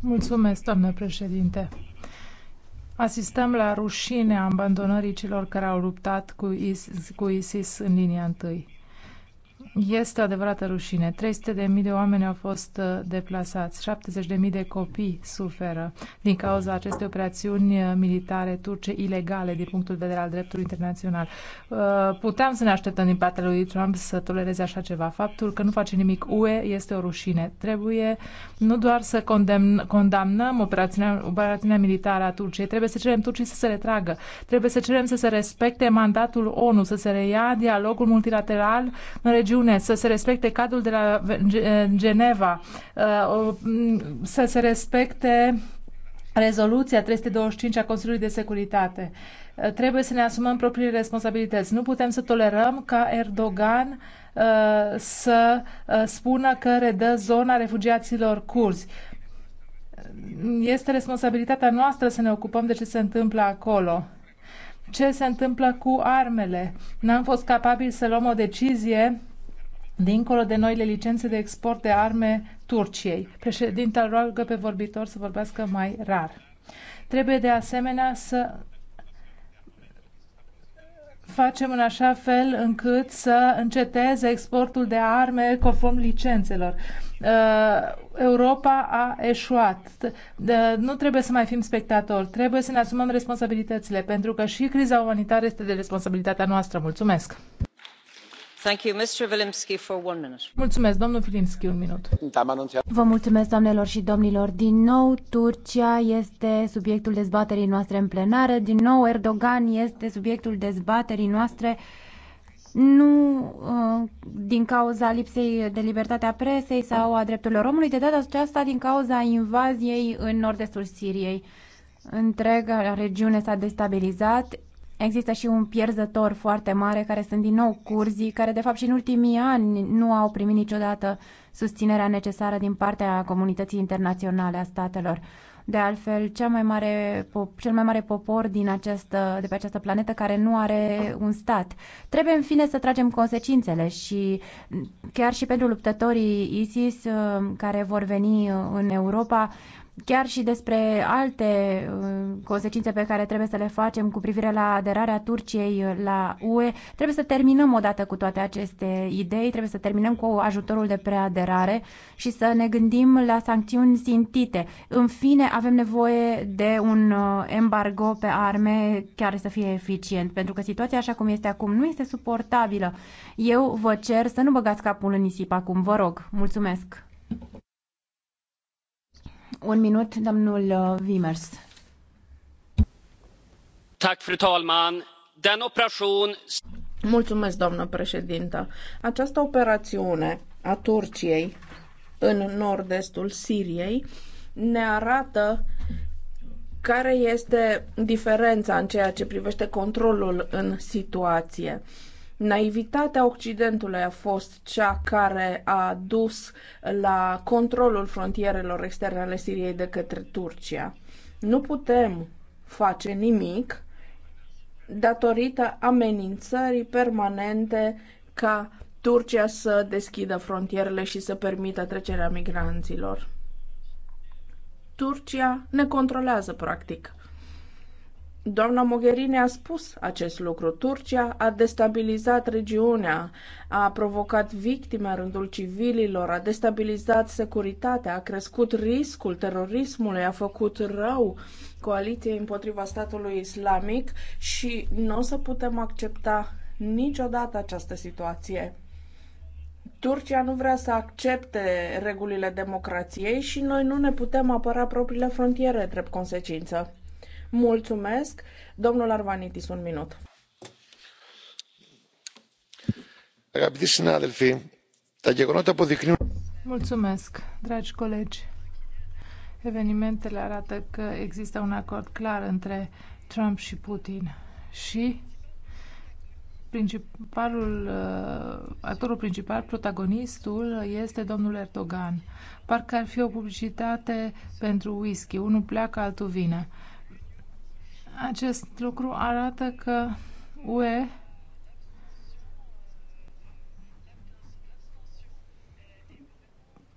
Mulțumesc, doamnă președinte. Asistăm la rușinea abandonării celor care au luptat cu ISIS, cu ISIS în linia întâi. Este o adevărată rușine. 300.000 de, de oameni au fost uh, deplasați, 70.000 de, de copii suferă din cauza acestei operațiuni uh, militare turce ilegale din punctul de vedere al dreptului internațional. Uh, puteam să ne așteptăm din partea lui Trump să tolereze așa ceva. Faptul că nu face nimic UE este o rușine. Trebuie nu doar să condemn, condamnăm operațiunea, operațiunea militară a Turciei, trebuie să cerem Turcii să se retragă, trebuie să cerem să se respecte mandatul ONU, să se reia dialogul multilateral în regiune Uniune, să se respecte cadrul de la Geneva, uh, să se respecte rezoluția 325 a Consiliului de Securitate. Uh, trebuie să ne asumăm propriile responsabilități. Nu putem să tolerăm ca Erdogan uh, să spună că redă zona refugiaților curzi este responsabilitatea noastră să ne ocupăm de ce se întâmplă acolo. Ce se întâmplă cu armele? N-am fost capabili să luăm o decizie dincolo de noile licențe de export de arme Turciei. Președintele roagă pe vorbitor să vorbească mai rar. Trebuie de asemenea să facem în așa fel încât să înceteze exportul de arme conform licențelor. Uh, Europa a eșuat. Nu trebuie să mai fim spectatori, trebuie să ne asumăm responsabilitățile, pentru că și criza umanitară este de responsabilitatea noastră. Mulțumesc! Mulțumesc, domnul un minut. Vă mulțumesc, doamnelor și domnilor. Din nou, Turcia este subiectul dezbaterii noastre în plenară. Din nou, Erdogan este subiectul dezbaterii noastre nu uh, din cauza lipsei de libertatea presei sau a drepturilor omului, de data aceasta din cauza invaziei în nord-estul Siriei. Întreaga regiune s-a destabilizat, Există și un pierzător foarte mare care sunt din nou curzii, care de fapt și în ultimii ani nu au primit niciodată susținerea necesară din partea comunității internaționale a statelor. De altfel, cea mai mare, cel mai mare popor din această, de pe această planetă care nu are un stat. Trebuie, în fine, să tragem consecințele și chiar și pentru luptătorii ISIS uh, care vor veni în Europa, chiar și despre alte uh, consecințe pe care trebuie să le facem cu privire la aderarea Turciei uh, la UE. Trebuie să terminăm odată cu toate aceste idei, trebuie să terminăm cu ajutorul de preaderare și să ne gândim la sancțiuni sintite. În fine, avem nevoie de un uh, embargo pe arme care să fie eficient, pentru că situația așa cum este acum nu este suportabilă. Eu vă cer să nu băgați capul în nisip acum, vă rog. Mulțumesc! Un minut, domnul Vimers. Uh, fru talman! Den operation... Mulțumesc, doamnă președintă. Această operațiune a Turciei în nord-estul Siriei ne arată care este diferența în ceea ce privește controlul în situație. Naivitatea Occidentului a fost cea care a dus la controlul frontierelor externe ale Siriei de către Turcia. Nu putem face nimic datorită amenințării permanente ca Turcia să deschidă frontierele și să permită trecerea migranților. Turcia ne controlează, practic. Doamna Mogherini a spus acest lucru. Turcia a destabilizat regiunea, a provocat victime în rândul civililor, a destabilizat securitatea, a crescut riscul terorismului, a făcut rău coaliției împotriva statului islamic și nu o să putem accepta niciodată această situație. Turcia nu vrea să accepte regulile democrației și noi nu ne putem apăra propriile frontiere drept consecință. Mulțumesc. Domnul Arvanitis, un minut. Mulțumesc, dragi colegi. Evenimentele arată că există un acord clar între Trump și Putin și principalul, uh, actorul principal, protagonistul, este domnul Erdogan. Parcă ar fi o publicitate pentru whisky. Unul pleacă, altul vine. Acest lucru arată că UE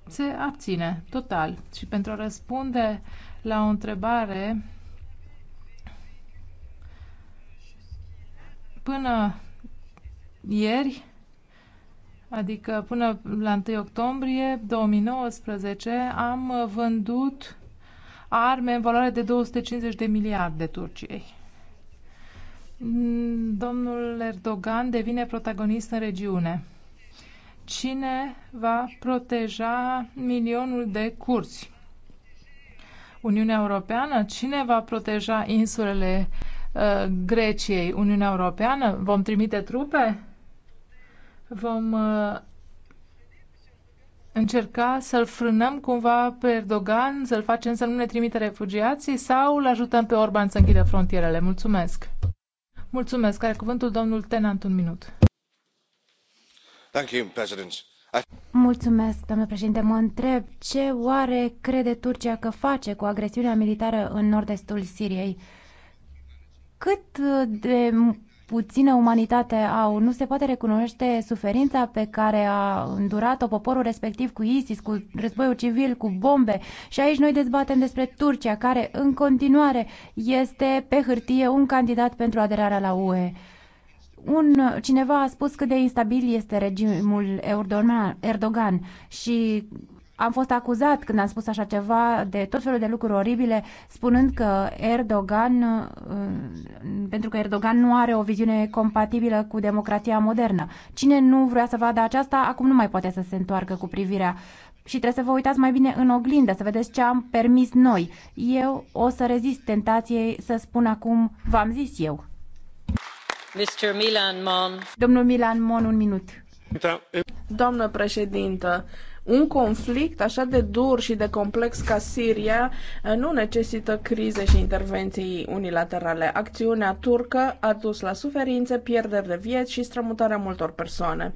se abține total. Și pentru a răspunde la o întrebare până ieri, adică până la 1 octombrie 2019, am vândut arme în valoare de 250 de miliarde Turciei. Domnul Erdogan devine protagonist în regiune. Cine va proteja milionul de curți? Uniunea Europeană? Cine va proteja insulele uh, Greciei? Uniunea Europeană? Vom trimite trupe? Vom uh, încerca să-l frânăm cumva pe Erdogan, să-l facem să nu ne trimite refugiații sau îl ajutăm pe Orban să închidă frontierele? Mulțumesc! Mulțumesc! Are cuvântul domnul Tenant un minut. Thank you, President. Mulțumesc, domnule președinte. Mă întreb ce oare crede Turcia că face cu agresiunea militară în nord-estul Siriei? Cât de puțină umanitate au. Nu se poate recunoaște suferința pe care a îndurat-o poporul respectiv cu ISIS, cu războiul civil, cu bombe. Și aici noi dezbatem despre Turcia, care în continuare este pe hârtie un candidat pentru aderarea la UE. Un, cineva a spus cât de instabil este regimul Erdogan și am fost acuzat când am spus așa ceva de tot felul de lucruri oribile, spunând că Erdogan, uh, pentru că Erdogan nu are o viziune compatibilă cu democrația modernă. Cine nu vrea să vadă aceasta, acum nu mai poate să se întoarcă cu privirea și trebuie să vă uitați mai bine în oglindă, să vedeți ce am permis noi. Eu o să rezist tentației să spun acum, v-am zis eu. Mr. Milan Mon. Domnul Milan Mon, un minut. Doamnă președintă, un conflict așa de dur și de complex ca Siria eh, nu necesită crize și intervenții unilaterale. Acțiunea turcă a dus la suferințe, pierderi de vieți și strămutarea multor persoane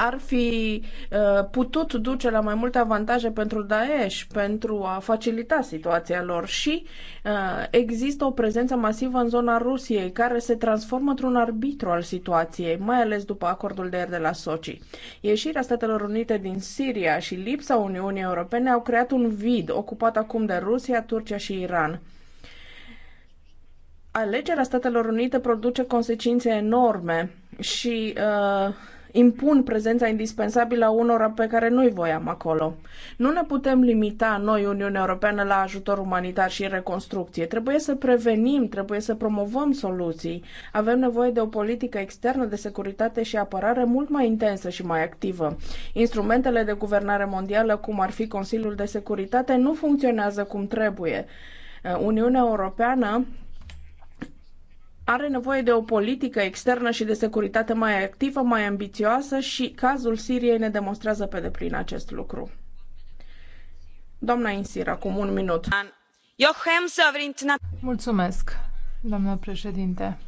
ar fi uh, putut duce la mai multe avantaje pentru Daesh, pentru a facilita situația lor și uh, există o prezență masivă în zona Rusiei care se transformă într-un arbitru al situației, mai ales după acordul de ieri de la Sochi. Ieșirea Statelor Unite din Siria și lipsa Uniunii Europene au creat un vid ocupat acum de Rusia, Turcia și Iran alegerea Statelor Unite produce consecințe enorme și uh, impun prezența indispensabilă a unora pe care noi voiam acolo. Nu ne putem limita noi, Uniunea Europeană, la ajutor umanitar și reconstrucție. Trebuie să prevenim, trebuie să promovăm soluții. Avem nevoie de o politică externă de securitate și apărare mult mai intensă și mai activă. Instrumentele de guvernare mondială, cum ar fi Consiliul de Securitate, nu funcționează cum trebuie. Uniunea Europeană are nevoie de o politică externă și de securitate mai activă, mai ambițioasă și cazul Siriei ne demonstrează pe deplin acest lucru. Doamna Insir, acum un minut. Mulțumesc, doamnă președinte.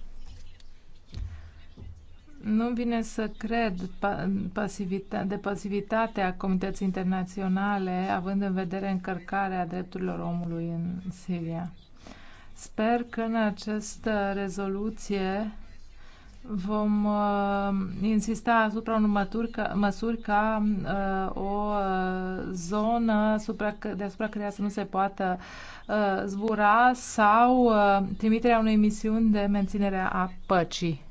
Nu vine să cred de pasivitatea comunității internaționale, având în vedere încărcarea drepturilor omului în Siria. Sper că în această rezoluție vom uh, insista asupra unor măsuri ca, măsuri ca uh, o uh, zonă supra, deasupra căreia să nu se poată uh, zbura sau uh, trimiterea unei misiuni de menținere a păcii.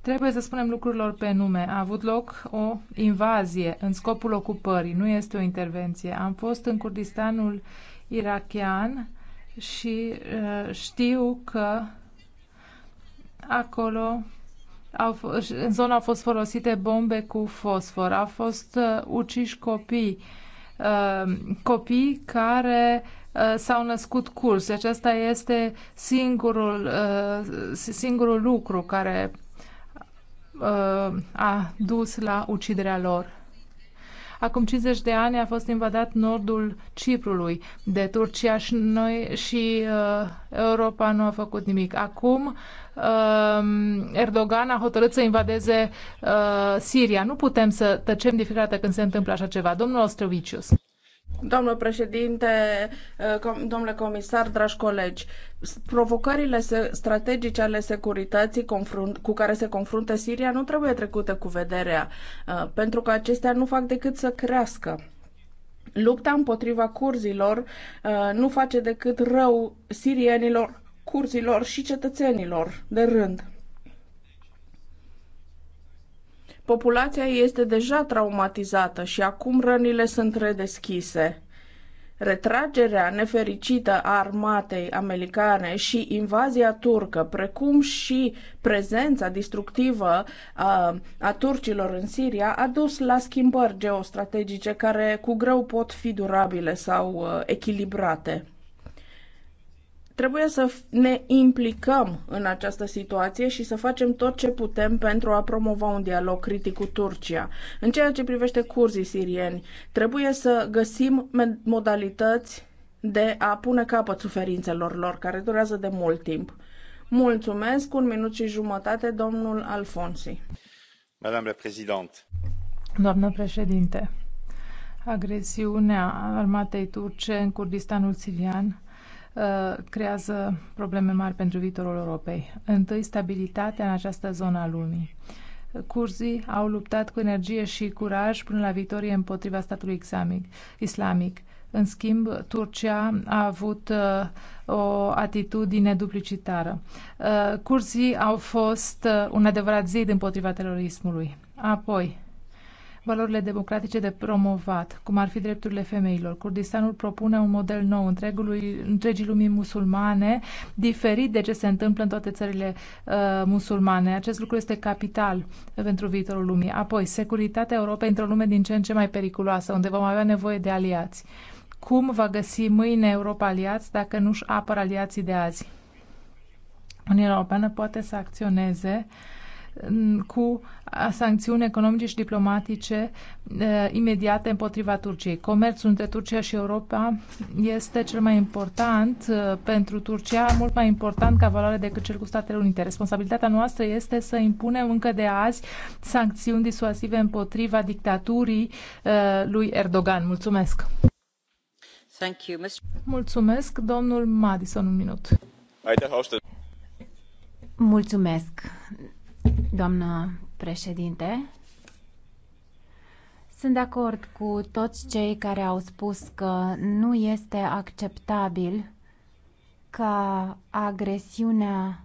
Trebuie să spunem lucrurilor pe nume. A avut loc o invazie în scopul ocupării, nu este o intervenție. Am fost în Kurdistanul uh, irachian și uh, știu că acolo au, în zona au fost folosite bombe cu fosfor, au fost uh, uciși copii, uh, copii care uh, s-au născut curs. Deci Acesta este singurul, uh, singurul lucru care uh, a dus la uciderea lor. Acum 50 de ani a fost invadat nordul Ciprului de Turcia și noi și uh, Europa nu a făcut nimic. Acum uh, Erdogan a hotărât să invadeze uh, Siria. Nu putem să tăcem de fiecare dată când se întâmplă așa ceva. Domnul Ostrovicius. Domnul președinte, eh, domnule comisar, dragi colegi, provocările strategice ale securității cu care se confruntă Siria nu trebuie trecute cu vederea, eh, pentru că acestea nu fac decât să crească. Lupta împotriva curzilor eh, nu face decât rău sirienilor, curzilor și cetățenilor de rând. Populația este deja traumatizată și acum rănile sunt redeschise. Retragerea nefericită a armatei americane și invazia turcă, precum și prezența distructivă a, a turcilor în Siria, a dus la schimbări geostrategice care cu greu pot fi durabile sau ă, echilibrate. Trebuie să ne implicăm în această situație și să facem tot ce putem pentru a promova un dialog critic cu Turcia. În ceea ce privește curzii sirieni, trebuie să găsim modalități de a pune capăt suferințelor lor, care durează de mult timp. Mulțumesc, un minut și jumătate, domnul Alfonsi. Madame la Doamnă președinte, agresiunea armatei turce în Kurdistanul sirian Uh, creează probleme mari pentru viitorul Europei. Întâi, stabilitatea în această zonă a lumii. Curzii au luptat cu energie și curaj până la victorie împotriva statului islamic. În schimb, Turcia a avut uh, o atitudine duplicitară. Uh, curzii au fost uh, un adevărat zid împotriva terorismului. Apoi, valorile democratice de promovat, cum ar fi drepturile femeilor. Kurdistanul propune un model nou întregului, întregii lumii musulmane, diferit de ce se întâmplă în toate țările uh, musulmane. Acest lucru este capital uh, pentru viitorul lumii. Apoi, securitatea Europei într-o lume din ce în ce mai periculoasă, unde vom avea nevoie de aliați. Cum va găsi mâine Europa aliați dacă nu-și apără aliații de azi? Uniunea Europeană poate să acționeze uh, cu sancțiuni economice și diplomatice eh, imediate împotriva Turciei. Comerțul între Turcia și Europa este cel mai important eh, pentru Turcia, mult mai important ca valoare decât cel cu Statele Unite. Responsabilitatea noastră este să impunem încă de azi sancțiuni disuasive împotriva dictaturii eh, lui Erdogan. Mulțumesc! Thank you, Mr. Mulțumesc, domnul Madison, un minut. Mulțumesc. Doamnă președinte, sunt de acord cu toți cei care au spus că nu este acceptabil ca agresiunea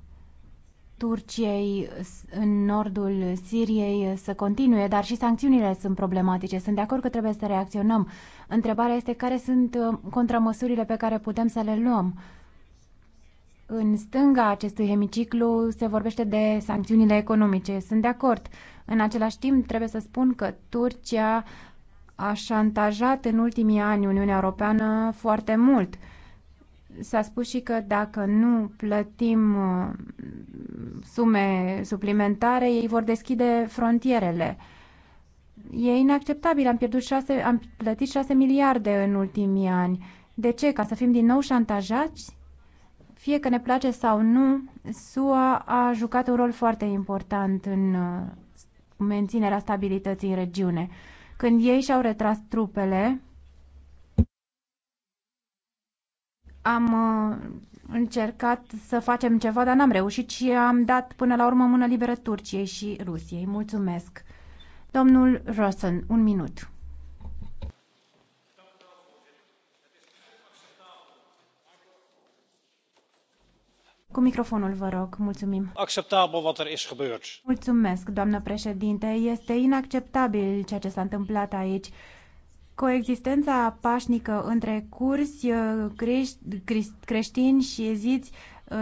Turciei în nordul Siriei să continue, dar și sancțiunile sunt problematice. Sunt de acord că trebuie să reacționăm. Întrebarea este care sunt uh, contramăsurile pe care putem să le luăm în stânga acestui hemiciclu se vorbește de sancțiunile economice. Sunt de acord. În același timp, trebuie să spun că Turcia a șantajat în ultimii ani Uniunea Europeană foarte mult. S-a spus și că dacă nu plătim uh, sume suplimentare, ei vor deschide frontierele. E inacceptabil. Am, pierdut șase, am plătit 6 miliarde în ultimii ani. De ce? Ca să fim din nou șantajați? Fie că ne place sau nu, SUA a jucat un rol foarte important în uh, menținerea stabilității în regiune. Când ei și-au retras trupele, am uh, încercat să facem ceva, dar n-am reușit și am dat până la urmă mână liberă Turciei și Rusiei. Mulțumesc. Domnul Rosen, un minut. Cu microfonul, vă rog, mulțumim. Acceptabil what there is gebeurd. Mulțumesc, doamnă președinte. Este inacceptabil ceea ce s-a întâmplat aici. Coexistența pașnică între cursi, uh, creștini și eziți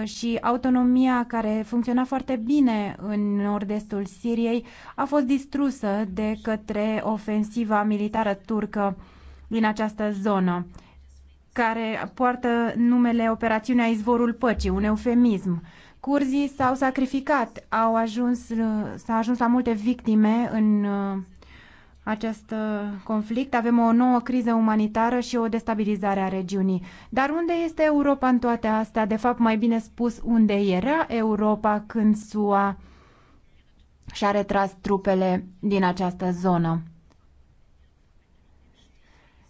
uh, și autonomia care funcționa foarte bine în nord-estul Siriei a fost distrusă de către ofensiva militară turcă din această zonă care poartă numele Operațiunea Izvorul Păcii, un eufemism. Curzii s-au sacrificat, au ajuns, s-a ajuns la multe victime în uh, acest uh, conflict. Avem o nouă criză umanitară și o destabilizare a regiunii. Dar unde este Europa în toate astea? De fapt, mai bine spus, unde era Europa când SUA și-a retras trupele din această zonă?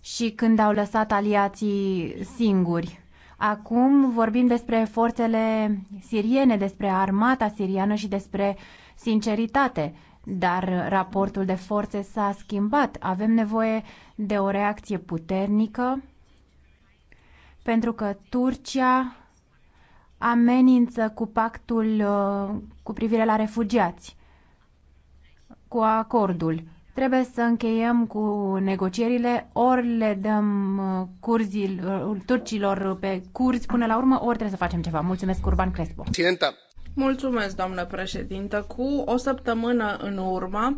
și când au lăsat aliații singuri. Acum vorbim despre forțele siriene, despre armata siriană și despre sinceritate. Dar raportul de forțe s-a schimbat. Avem nevoie de o reacție puternică pentru că Turcia amenință cu pactul uh, cu privire la refugiați, cu acordul. Trebuie să încheiem cu negocierile, ori le dăm uh, curzilor, uh, turcilor pe curzi până la urmă, ori trebuie să facem ceva. Mulțumesc, Urban Crespo. Mulțumesc, doamnă președintă. Cu o săptămână în urmă,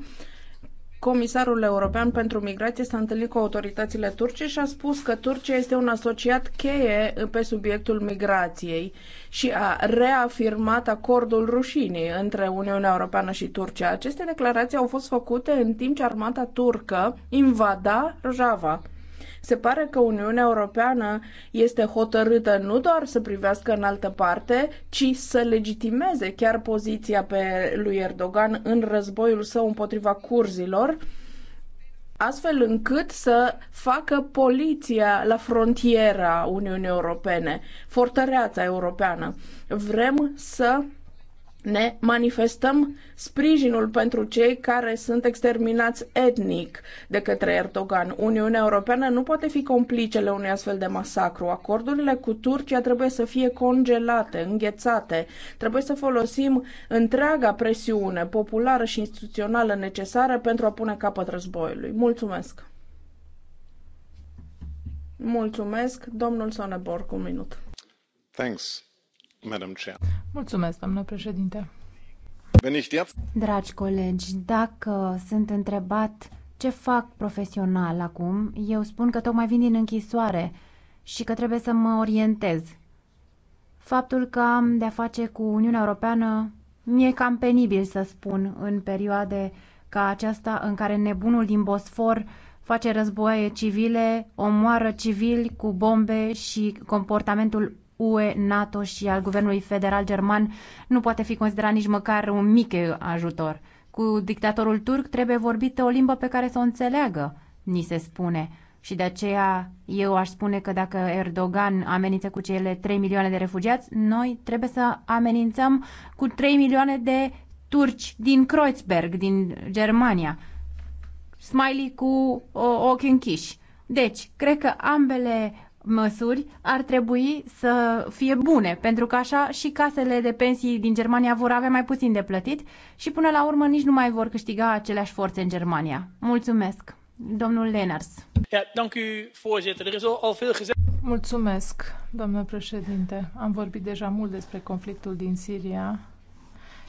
Comisarul European pentru Migrație s-a întâlnit cu autoritățile turce și a spus că Turcia este un asociat cheie pe subiectul migrației și a reafirmat acordul rușinii între Uniunea Europeană și Turcia. Aceste declarații au fost făcute în timp ce armata turcă invada Rojava. Se pare că Uniunea Europeană este hotărâtă nu doar să privească în altă parte, ci să legitimeze chiar poziția pe lui Erdogan în războiul său împotriva curzilor, astfel încât să facă poliția la frontiera Uniunii Europene, fortăreața europeană. Vrem să ne manifestăm sprijinul pentru cei care sunt exterminați etnic de către Erdogan. Uniunea Europeană nu poate fi complicele unui astfel de masacru. Acordurile cu Turcia trebuie să fie congelate, înghețate. Trebuie să folosim întreaga presiune populară și instituțională necesară pentru a pune capăt războiului. Mulțumesc! Mulțumesc, domnul Sonebor, cu un minut. Thanks. Mulțumesc, doamnă președinte. Dragi colegi, dacă sunt întrebat ce fac profesional acum, eu spun că tocmai vin din închisoare și că trebuie să mă orientez. Faptul că am de-a face cu Uniunea Europeană mi-e cam penibil să spun în perioade ca aceasta în care nebunul din Bosfor face războaie civile, omoară civili cu bombe și comportamentul UE, NATO și al guvernului federal german nu poate fi considerat nici măcar un mic ajutor. Cu dictatorul turc trebuie vorbită o limbă pe care să o înțeleagă, ni se spune. Și de aceea eu aș spune că dacă Erdogan amenință cu cele 3 milioane de refugiați, noi trebuie să amenințăm cu 3 milioane de turci din Kreuzberg, din Germania. Smiley cu ochi închiși. Deci, cred că ambele măsuri ar trebui să fie bune, pentru că așa și casele de pensii din Germania vor avea mai puțin de plătit și până la urmă nici nu mai vor câștiga aceleași forțe în Germania. Mulțumesc, domnul Lenars. Er Mulțumesc, domnule președinte. Am vorbit deja mult despre conflictul din Siria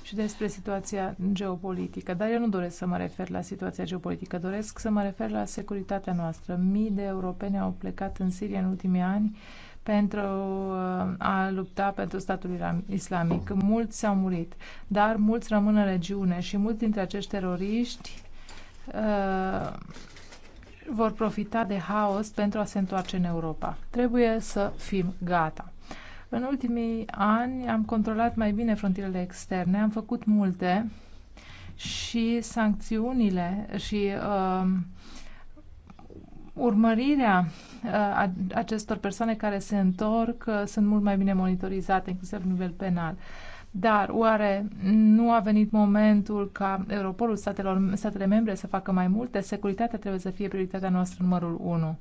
și despre situația geopolitică. Dar eu nu doresc să mă refer la situația geopolitică, doresc să mă refer la securitatea noastră. Mii de europeni au plecat în Siria în ultimii ani pentru uh, a lupta pentru statul islamic. Mulți s-au murit, dar mulți rămân în regiune și mulți dintre acești teroriști uh, vor profita de haos pentru a se întoarce în Europa. Trebuie să fim gata. În ultimii ani am controlat mai bine frontierele externe, am făcut multe și sancțiunile și uh, urmărirea uh, acestor persoane care se întorc uh, sunt mult mai bine monitorizate, inclusiv la nivel penal. Dar oare nu a venit momentul ca Europolul statelor, statele membre să facă mai multe? Securitatea trebuie să fie prioritatea noastră numărul 1.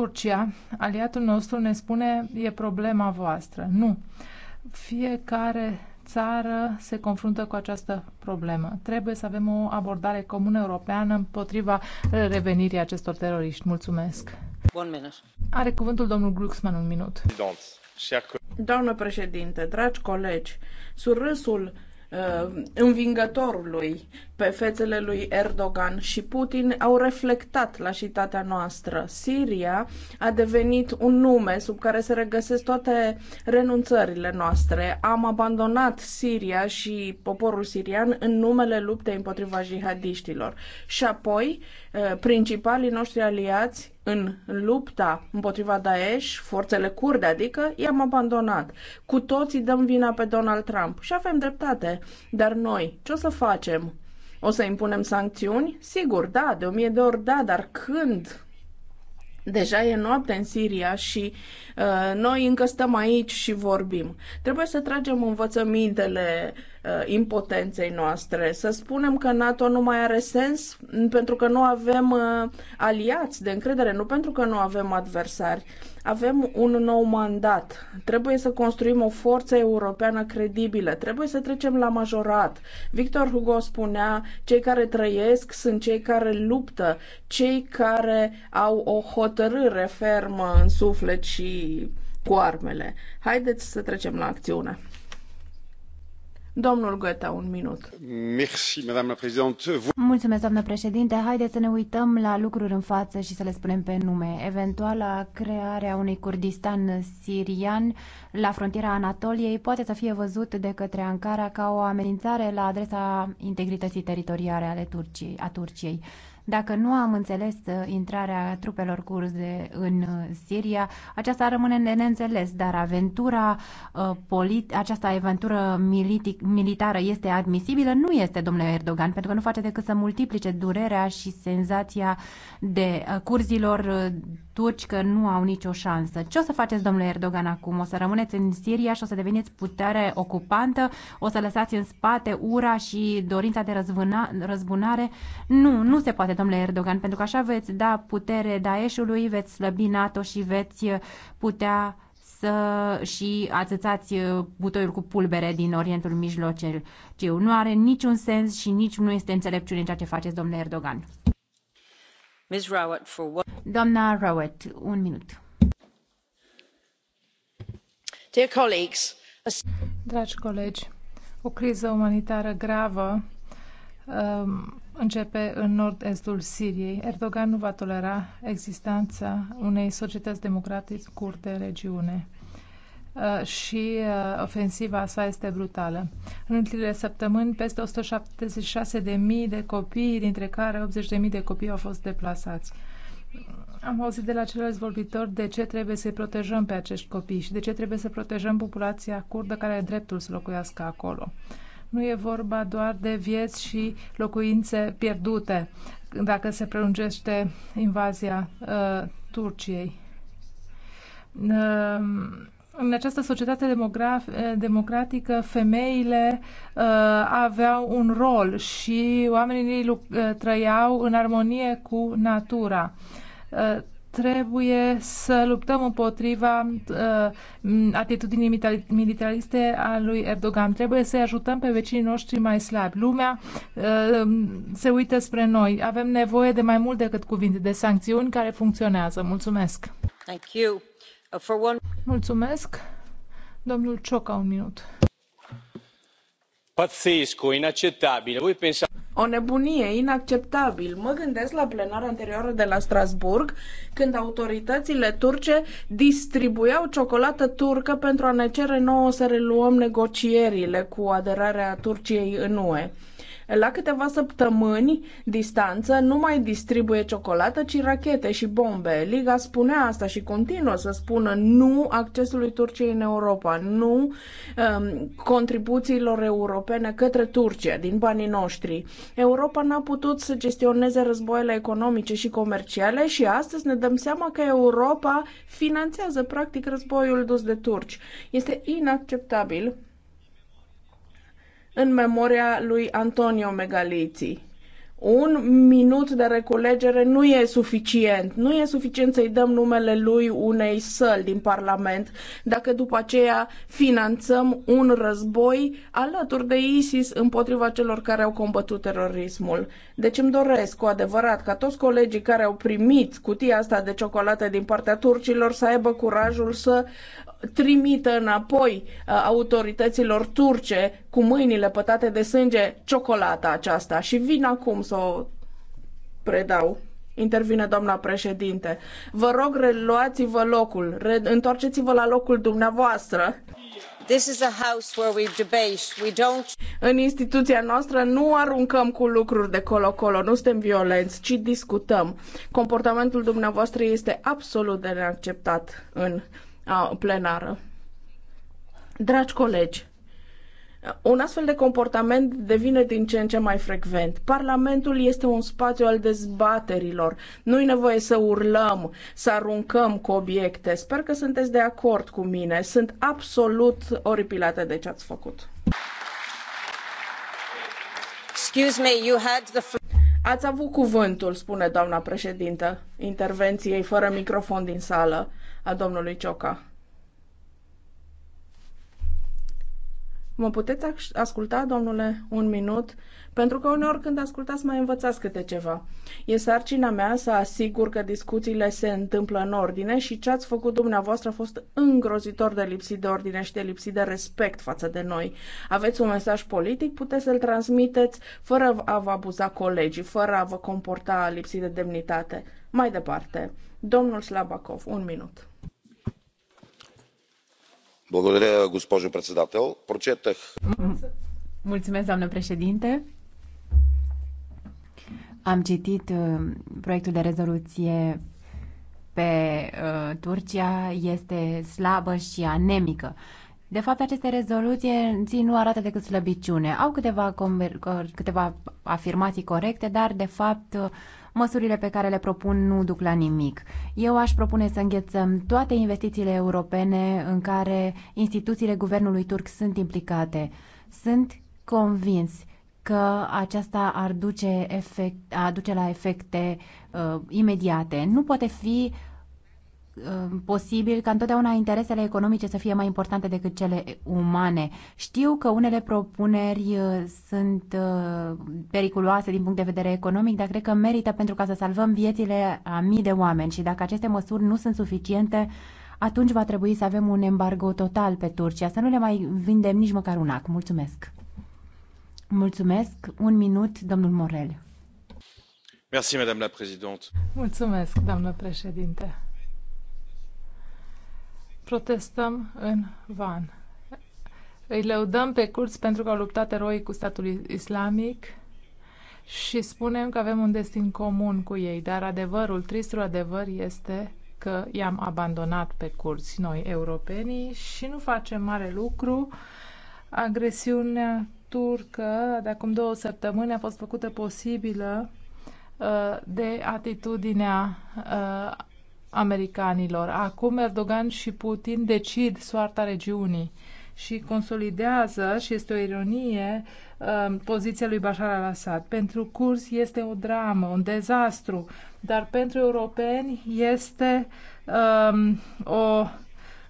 Turcia, aliatul nostru ne spune e problema voastră. Nu. Fiecare țară se confruntă cu această problemă. Trebuie să avem o abordare comună europeană împotriva uh, revenirii acestor teroriști. Mulțumesc. Bun minut. Are cuvântul domnul Glucksmann un minut. Doamnă președinte, dragi colegi, surâsul uh, învingătorului pe fețele lui Erdogan și Putin au reflectat la citatea noastră. Siria a devenit un nume sub care se regăsesc toate renunțările noastre. Am abandonat Siria și poporul sirian în numele luptei împotriva jihadiștilor. Și apoi, uh, principalii noștri aliați în lupta împotriva Daesh, forțele curde, adică i-am abandonat. Cu toții dăm vina pe Donald Trump și avem dreptate. Dar noi, ce o să facem? O să impunem sancțiuni? Sigur, da, de o mie de ori da, dar când? Deja e noapte în Siria și uh, noi încă stăm aici și vorbim. Trebuie să tragem învățămintele uh, impotenței noastre, să spunem că NATO nu mai are sens pentru că nu avem uh, aliați de încredere, nu pentru că nu avem adversari. Uh, avem un nou mandat. Trebuie să construim o forță europeană credibilă. Trebuie să trecem la majorat. Victor Hugo spunea, cei care trăiesc sunt cei care luptă, cei care au o hotărâre fermă în suflet și cu armele. Haideți să trecem la acțiune un minut. Mulțumesc, doamnă președinte. Haideți să ne uităm la lucruri în față și să le spunem pe nume. Eventuala crearea unui Kurdistan sirian la frontiera Anatoliei poate să fie văzut de către Ankara ca o amenințare la adresa integrității teritoriale ale Turciei, a Turciei. Dacă nu am înțeles uh, intrarea trupelor curze în uh, Siria, aceasta rămâne de neînțeles, dar aventura uh, polit, această aventură militic, militară este admisibilă? Nu este, domnule Erdogan, pentru că nu face decât să multiplice durerea și senzația de curzilor turci că nu au nicio șansă. Ce o să faceți, domnule Erdogan, acum? O să rămâneți în Siria și o să deveniți putere ocupantă? O să lăsați în spate ura și dorința de răzvâna, răzbunare? Nu, nu se poate, domnule Erdogan, pentru că așa veți da putere Daeshului, veți slăbi NATO și veți putea să și atâțați butoiul cu pulbere din Orientul Mijlociu. Nu are niciun sens și nici nu este înțelepciune în ceea ce faceți, domnule Erdogan doamnă rowett un minut. dragi colegi o criză umanitară gravă um, începe în nord estul siriei. erdogan nu va tolera existența unei societăți democratice kurde în regiune Uh, și uh, ofensiva sa este brutală. În ultimele săptămâni, peste 176.000 de copii, dintre care 80.000 de copii au fost deplasați. Am auzit de la ceilalți vorbitori de ce trebuie să-i protejăm pe acești copii și de ce trebuie să protejăm populația curdă care are dreptul să locuiască acolo. Nu e vorba doar de vieți și locuințe pierdute dacă se prelungește invazia uh, Turciei. Uh, în această societate democratică, femeile uh, aveau un rol și oamenii uh, trăiau în armonie cu natura. Uh, trebuie să luptăm împotriva uh, atitudinii militariste a lui Erdogan. Trebuie să-i ajutăm pe vecinii noștri mai slabi. Lumea uh, um, se uită spre noi. Avem nevoie de mai mult decât cuvinte, de sancțiuni care funcționează. Mulțumesc! Thank you. Uh, Mulțumesc. un minut. inacceptabil. Voi pensa... O nebunie, inacceptabil. Mă gândesc la plenara anterioară de la Strasburg, când autoritățile turce distribuiau ciocolată turcă pentru a ne cere nouă să reluăm negocierile cu aderarea Turciei în UE. La câteva săptămâni distanță nu mai distribuie ciocolată, ci rachete și bombe. Liga spunea asta și continuă să spună nu accesului Turciei în Europa, nu um, contribuțiilor europene către Turcia din banii noștri. Europa n-a putut să gestioneze războaiele economice și comerciale și astăzi ne dăm seama că Europa finanțează practic războiul dus de turci. Este inacceptabil în memoria lui Antonio Megalizzi un minut de reculegere nu e suficient. Nu e suficient să-i dăm numele lui unei săli din Parlament dacă după aceea finanțăm un război alături de ISIS împotriva celor care au combătut terorismul. Deci îmi doresc cu adevărat ca toți colegii care au primit cutia asta de ciocolată din partea turcilor să aibă curajul să trimită înapoi uh, autorităților turce cu mâinile pătate de sânge ciocolata aceasta și vin acum să o predau. Intervine doamna președinte. Vă rog, reluați-vă locul. Re- întoarceți-vă la locul dumneavoastră. This is a house where we debate. We don't... În instituția noastră nu aruncăm cu lucruri de colo-colo, nu suntem violenți, ci discutăm. Comportamentul dumneavoastră este absolut de neacceptat în a, plenară. Dragi colegi, un astfel de comportament devine din ce în ce mai frecvent. Parlamentul este un spațiu al dezbaterilor. Nu-i nevoie să urlăm, să aruncăm cu obiecte. Sper că sunteți de acord cu mine. Sunt absolut oripilată de ce ați făcut. Excuse me, you had the... Ați avut cuvântul, spune doamna președintă, intervenției fără microfon din sală a domnului Cioca. Mă puteți asculta, domnule, un minut? Pentru că uneori când ascultați mai învățați câte ceva. E sarcina mea să asigur că discuțiile se întâmplă în ordine și ce ați făcut dumneavoastră a fost îngrozitor de lipsit de ordine și de lipsit de respect față de noi. Aveți un mesaj politic, puteți să-l transmiteți fără a vă abuza colegii, fără a vă comporta lipsit de demnitate. Mai departe, domnul Slabakov, un minut doamnă președinte. Am citit proiectul de rezoluție pe э, Turcia, este slabă și anemică. De fapt, aceste rezoluții în zi nu arată decât slăbiciune. Au câteva, câteva afirmații corecte, dar, de fapt, măsurile pe care le propun nu duc la nimic. Eu aș propune să înghețăm toate investițiile europene în care instituțiile guvernului turc sunt implicate. Sunt convins că aceasta ar duce, efect, ar duce la efecte uh, imediate. Nu poate fi uh, Um, posibil ca întotdeauna interesele economice să fie mai importante decât cele umane. Știu că unele propuneri uh, sunt uh, periculoase din punct de vedere economic, dar cred că merită pentru ca să salvăm viețile a mii de oameni și dacă aceste măsuri nu sunt suficiente, atunci va trebui să avem un embargo total pe Turcia, să nu le mai vindem nici măcar un ac. Mulțumesc! Mulțumesc! Un minut, domnul Morel. Mulțumesc, doamnă președinte protestăm în van. Îi lăudăm pe curți pentru că au luptat eroic cu statul islamic și spunem că avem un destin comun cu ei, dar adevărul, tristul adevăr este că i-am abandonat pe curți noi europenii și nu facem mare lucru. Agresiunea turcă de acum două săptămâni a fost făcută posibilă uh, de atitudinea uh, americanilor. Acum Erdogan și Putin decid soarta regiunii și consolidează, și este o ironie, um, poziția lui Bashar al-Assad. Pentru curs este o dramă, un dezastru, dar pentru europeni este um, o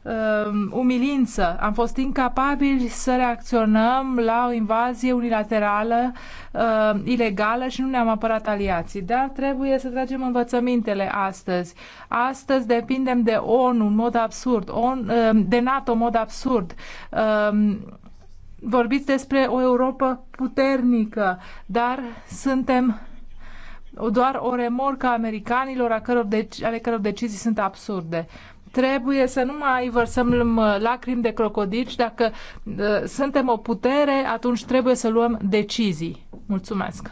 uh, umilință. Am fost incapabili să reacționăm la o invazie unilaterală, uh, ilegală și nu ne-am apărat aliații. Dar trebuie să tragem învățămintele astăzi. Astăzi depindem de ONU în mod absurd, on, uh, de NATO în mod absurd. Uh, vorbiți despre o Europa puternică, dar suntem doar o remorcă a americanilor a căror deci, ale căror decizii sunt absurde. Trebuie să nu mai vărsăm uh, lacrimi de crocodici. Dacă uh, suntem o putere, atunci trebuie să luăm decizii. Mulțumesc.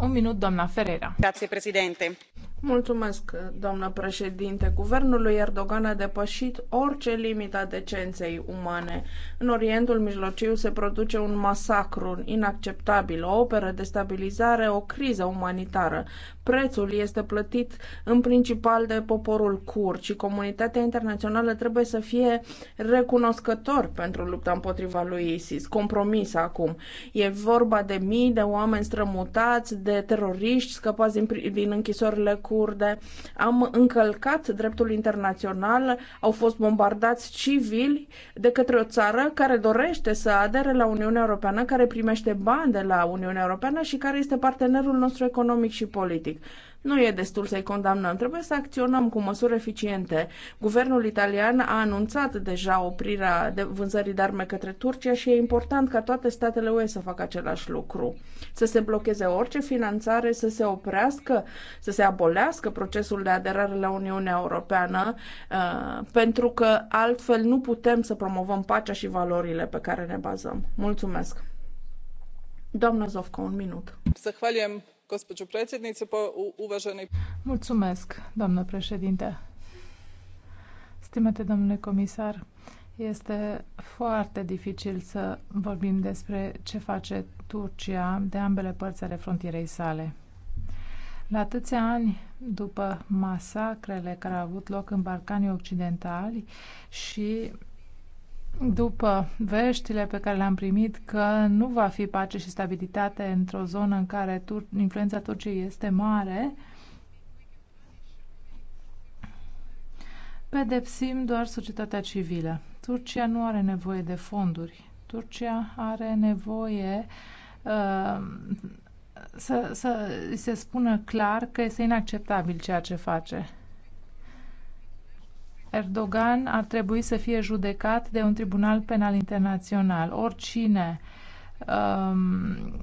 Minute, doamna Grazie, președinte Mulțumesc, doamnă președinte. Guvernul lui Erdogan a depășit orice limită a decenței umane. În Orientul Mijlociu se produce un masacru inacceptabil, o operă de stabilizare, o criză umanitară. Prețul este plătit în principal de poporul curd și comunitatea internațională trebuie să fie recunoscător pentru lupta împotriva lui ISIS. Compromis acum. E vorba de mii de oameni strămutați, de teroriști scăpați din, din închisorile kurde, am încălcat dreptul internațional, au fost bombardați civili de către o țară care dorește să adere la Uniunea Europeană, care primește bani de la Uniunea Europeană și care este partenerul nostru economic și politic. Nu e destul să-i condamnăm, trebuie să acționăm cu măsuri eficiente. Guvernul italian a anunțat deja oprirea de vânzării de arme către Turcia și e important ca toate statele UE să facă același lucru. Să se blocheze orice finanțare, să se oprească, să se abolească procesul de aderare la Uniunea Europeană, uh, pentru că altfel nu putem să promovăm pacea și valorile pe care ne bazăm. Mulțumesc! Doamna Zovca, un minut. Să Mulțumesc, doamnă președinte. Stimate domnule comisar, este foarte dificil să vorbim despre ce face Turcia de ambele părți ale frontierei sale. La atâția ani după masacrele care au avut loc în Balcanii Occidentali și după veștile pe care le-am primit că nu va fi pace și stabilitate într-o zonă în care Tur influența Turciei este mare, pedepsim doar societatea civilă. Turcia nu are nevoie de fonduri. Turcia are nevoie uh, să, să se spună clar că este inacceptabil ceea ce face. Erdogan ar trebui să fie judecat de un tribunal penal internațional. Oricine um,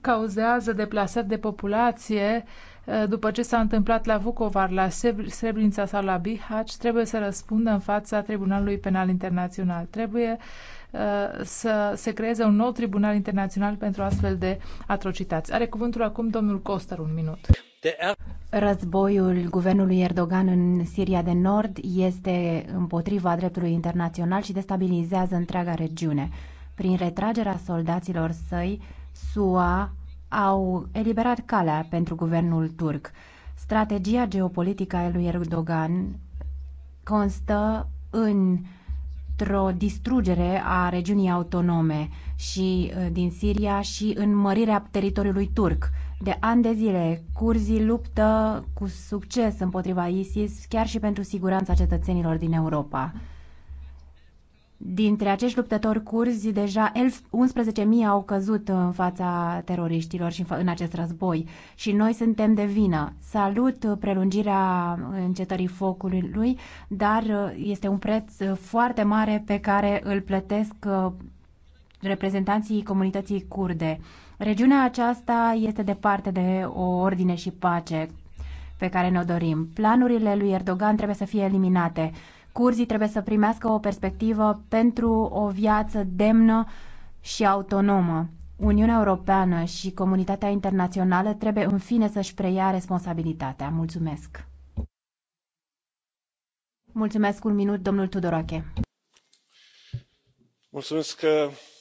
cauzează deplasări de populație uh, după ce s-a întâmplat la Vukovar, la Srebrenica sau la Bihać, trebuie să răspundă în fața Tribunalului Penal Internațional. Trebuie Uh, să se creeze un nou tribunal internațional pentru astfel de atrocități. Are cuvântul acum domnul Costar un minut. Războiul guvernului Erdogan în Siria de Nord este împotriva dreptului internațional și destabilizează întreaga regiune. Prin retragerea soldaților săi, SUA au eliberat calea pentru guvernul turc. Strategia geopolitică a lui Erdogan constă în într-o distrugere a regiunii autonome și uh, din Siria și în mărirea teritoriului turc. De ani de zile, curzii luptă cu succes împotriva ISIS, chiar și pentru siguranța cetățenilor din Europa. Dintre acești luptători curzi, deja 11.000 au căzut în fața teroriștilor și în acest război și noi suntem de vină. Salut uh, prelungirea încetării focului, dar uh, este un preț uh, foarte mare pe care îl plătesc reprezentanții comunității curde. Regiunea aceasta este departe de o ordine și pace pe care ne-o dorim. Planurile lui Erdogan trebuie să fie eliminate Curzii trebuie să primească o perspectivă pentru o viață demnă și autonomă. Uniunea Europeană și comunitatea internațională trebuie în fine să-și preia responsabilitatea. Mulțumesc! Mulțumesc un minut, domnul Tudorache. Mulțumesc,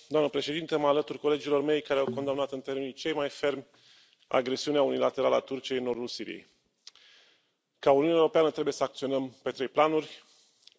doamnă președinte, Mă alătur colegilor mei care au condamnat în termenii cei mai fermi agresiunea unilaterală a Turciei în nordul Siriei. Ca Uniunea Europeană trebuie să acționăm pe trei planuri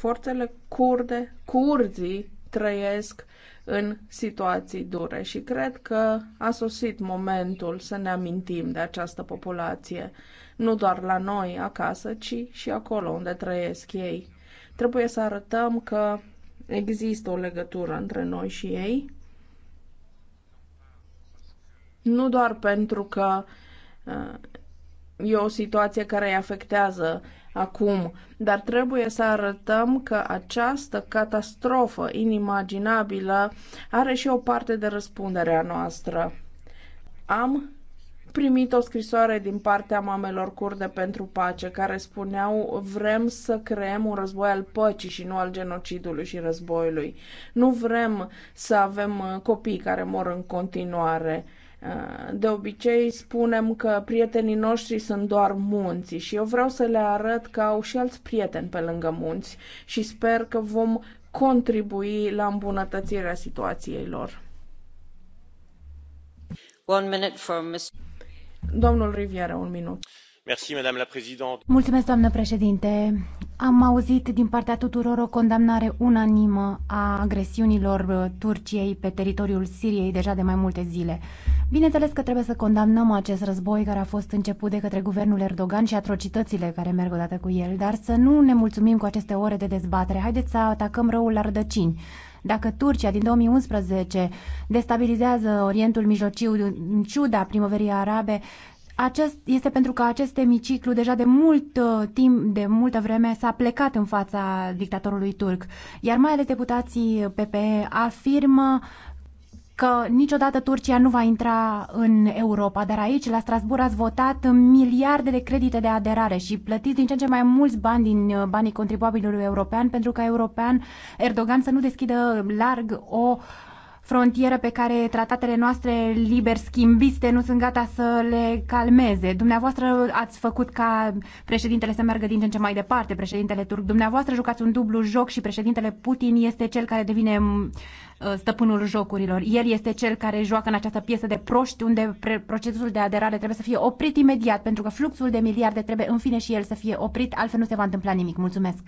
forțele curde, curzii trăiesc în situații dure și cred că a sosit momentul să ne amintim de această populație, nu doar la noi acasă, ci și acolo unde trăiesc ei. Trebuie să arătăm că există o legătură între noi și ei, nu doar pentru că uh, e o situație care îi afectează acum, dar trebuie să arătăm că această catastrofă inimaginabilă are și o parte de răspundere a noastră. Am primit o scrisoare din partea mamelor curde pentru pace, care spuneau vrem să creăm un război al păcii și nu al genocidului și războiului. Nu vrem să avem uh, copii care mor în continuare. Eh, de obicei spunem că prietenii noștri sunt doar munții și eu vreau să le arăt că au și alți prieteni pe lângă munți și sper că vom contribui la îmbunătățirea situației lor. One minute for Ms. Domnul Riviera, un minut Mulțumesc, doamnă președinte. Am auzit din partea tuturor o condamnare unanimă a agresiunilor uh, Turciei pe teritoriul Siriei deja de mai multe zile. Bineînțeles că trebuie să condamnăm acest război care a fost început de către guvernul Erdogan și atrocitățile care merg odată cu el, dar să nu ne mulțumim cu aceste ore de dezbatere. Haideți să atacăm răul la rădăcini. Dacă Turcia din 2011 destabilizează Orientul Mijlociu în ciuda primăverii arabe, acest, este pentru că acest emiciclu deja de mult uh, timp, de multă vreme s-a plecat în fața dictatorului turc, iar mai ales deputații PPE afirmă că niciodată Turcia nu va intra în Europa, dar aici, la Strasbourg ați votat miliarde de credite de aderare și plătiți din ce în ce mai mulți bani din uh, banii contribuabilului european pentru ca european Erdogan să nu deschidă larg o uh, frontieră pe care tratatele noastre liber schimbiste nu sunt gata să le calmeze. Dumneavoastră ați făcut ca președintele să meargă din ce în ce mai departe, președintele turc. Dumneavoastră jucați un dublu joc și președintele Putin este cel care devine mm, uh, stăpânul jocurilor. El este cel care joacă în această piesă de proști unde procesul de aderare trebuie să fie oprit imediat pentru că fluxul de miliarde trebuie în fine și el să fie oprit, altfel nu se va întâmpla nimic. Mulțumesc!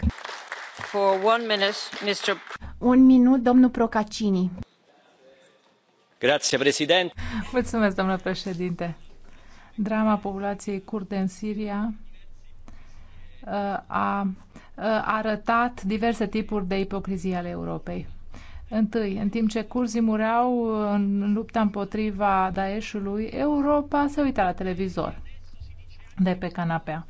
For one minute, Mr. Un minut, domnul Procacini. Mulțumesc, domnule președinte. Drama populației kurde în Siria uh, uh, a arătat diverse tipuri de ipocrizie ale Europei. Întâi, în timp ce curzii mureau în lupta împotriva Daeshului, Europa se uita la televizor de pe canapea.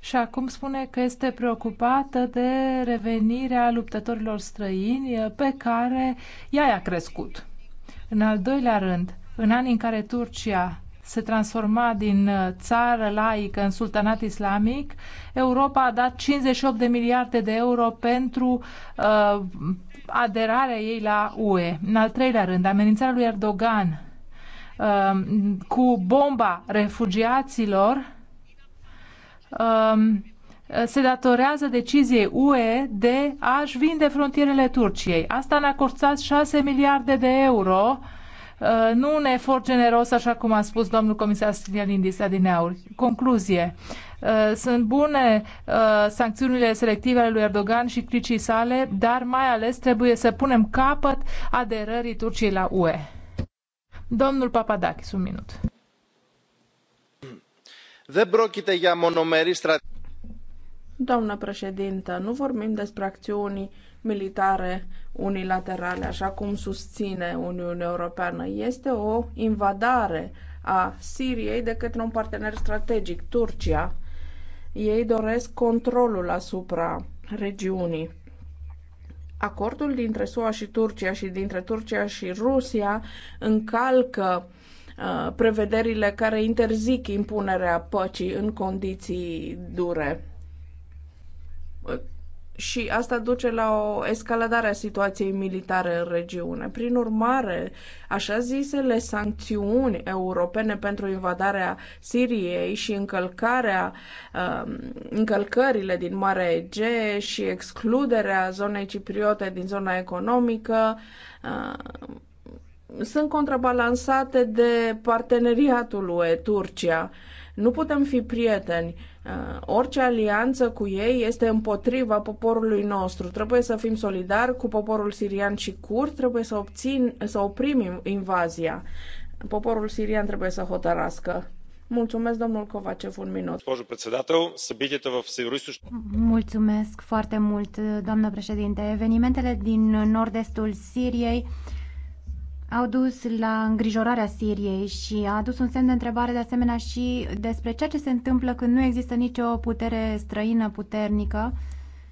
Și acum spune că este preocupată de revenirea luptătorilor străini uh, pe care ea i-a crescut. În al doilea rând, în anii în care Turcia se transforma din uh, țară laică în sultanat islamic, Europa a dat 58 de miliarde de euro pentru uh, aderarea ei la UE. În al treilea rând, amenințarea lui Erdogan uh, cu bomba refugiaților uh, se datorează deciziei UE de a-și vinde frontierele Turciei. Asta ne-a costat 6 miliarde de euro uh, nu un efort generos, așa cum a spus domnul comisar Stylianidis adineauri. Concluzie. Uh, sunt bune uh, sancțiunile selective ale lui Erdogan și cricii sale, dar mai ales trebuie să punem capăt aderării Turciei la UE. Domnul Papadakis, un minut. Δεν πρόκειται για μονομερή στρατηγική. Doamnă președintă, nu vorbim despre acțiuni militare unilaterale, așa cum susține Uniunea Europeană. Este o invadare a Siriei de către un partener strategic, Turcia. Ei doresc controlul asupra regiunii. Acordul dintre SUA și Turcia și dintre Turcia și Rusia încalcă uh, prevederile care interzic impunerea păcii în condiții dure și asta duce la o escaladare a situației militare în regiune. Prin urmare, așa zisele sancțiuni europene pentru invadarea Siriei și încălcarea, um, încălcările din Marea Ege și excluderea zonei cipriote din zona economică um, sunt contrabalansate de parteneriatul UE-Turcia. Uh, nu putem fi prieteni. Uh, orice alianță cu ei este împotriva poporului nostru. Trebuie să fim solidari cu poporul sirian și cur, trebuie să, obțin, să oprim invazia. Poporul sirian trebuie să hotărască. Mulțumesc, domnul Covacev, un minut. Mulțumesc foarte mult, doamnă președinte. Evenimentele din nord-estul Siriei au dus la îngrijorarea Siriei și a adus un semn de întrebare de asemenea și despre ceea ce se întâmplă când nu există nicio putere străină puternică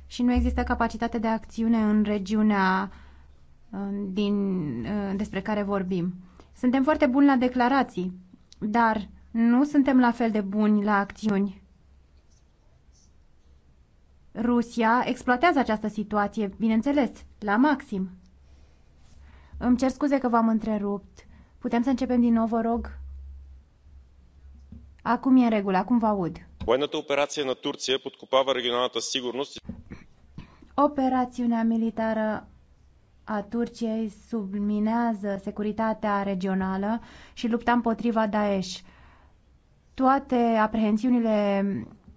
și nu există capacitate de acțiune în regiunea uh, din, uh, despre care vorbim. Suntem foarte buni la declarații, dar nu suntem la fel de buni la acțiuni. Rusia exploatează această situație, bineînțeles, la maxim. Îmi cer scuze că v-am întrerupt. Putem să începem din nou, vă rog? Acum e în regulă, acum vă aud. Военната операция на Турция подкопава регионалната сигурност. Operațiunea militară a Turciei subminează securitatea regională și lupta împotriva Daesh. Toate aprehensiunile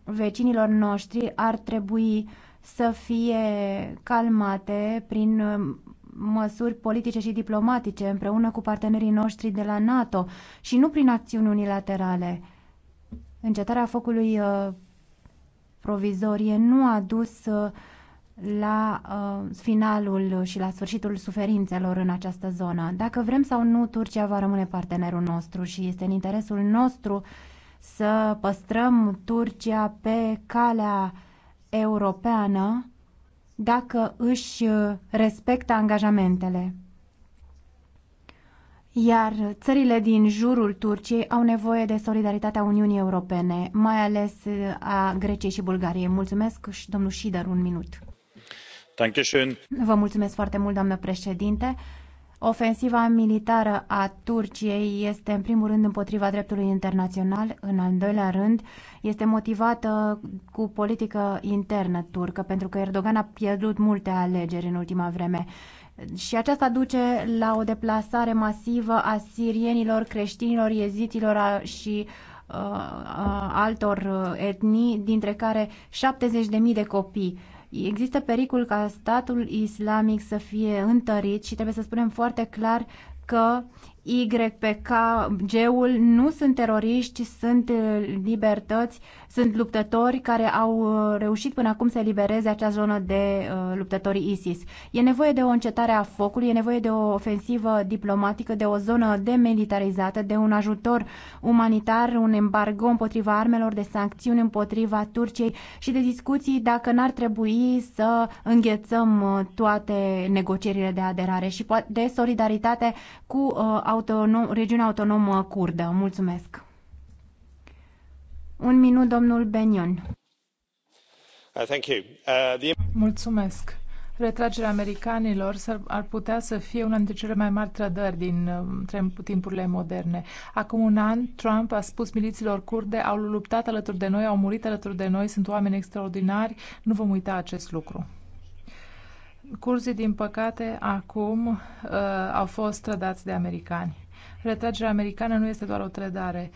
vecinilor noștri ar trebui să fie calmate prin măsuri politice și diplomatice împreună cu partenerii noștri de la NATO și nu prin acțiuni unilaterale. Încetarea focului uh, provizorie nu a dus uh, la uh, finalul și la sfârșitul suferințelor în această zonă. Dacă vrem sau nu, Turcia va rămâne partenerul nostru și este în interesul nostru să păstrăm Turcia pe calea europeană dacă își uh, respectă angajamentele. Iar țările din jurul Turciei au nevoie de solidaritatea Uniunii Europene, mai ales uh, a Greciei și Bulgariei. Mulțumesc și domnul Șidăr, un minut. Vă mulțumesc foarte mult, doamnă președinte. Ofensiva militară a Turciei este în primul rând împotriva dreptului internațional, în al doilea rând este motivată cu politică internă turcă, pentru că Erdogan a pierdut multe alegeri în ultima vreme. Și aceasta duce la o deplasare masivă a sirienilor, creștinilor, iezitilor și uh, uh, altor etnii, dintre care 70.000 de copii. Uh, Există pericol ca statul islamic să fie întărit și trebuie să spunem foarte clar că g ul nu sunt teroriști, sunt uh, libertăți, sunt luptători care au uh, reușit până acum să elibereze acea zonă de uh, luptători ISIS. E nevoie de o încetare a focului, e nevoie de o ofensivă diplomatică, de o zonă demilitarizată, de un ajutor umanitar, un embargo împotriva armelor, de sancțiuni împotriva Turciei și de discuții dacă n-ar trebui să înghețăm toate negocierile de aderare și de solidaritate cu uh, autonom, regiunea autonomă curdă. Mulțumesc. Un minut, domnul Benion. Uh, uh, Mulțumesc. Retragerea americanilor ar putea să fie una dintre cele mai mari trădări din um, timpurile moderne. Acum un an, Trump a spus miliților curde, au luptat alături de noi, au murit alături de noi, sunt oameni extraordinari, nu vom uita acest lucru. Curzii, din păcate, acum uh, au fost trădați de americani. Retragerea americană nu este doar o trădare.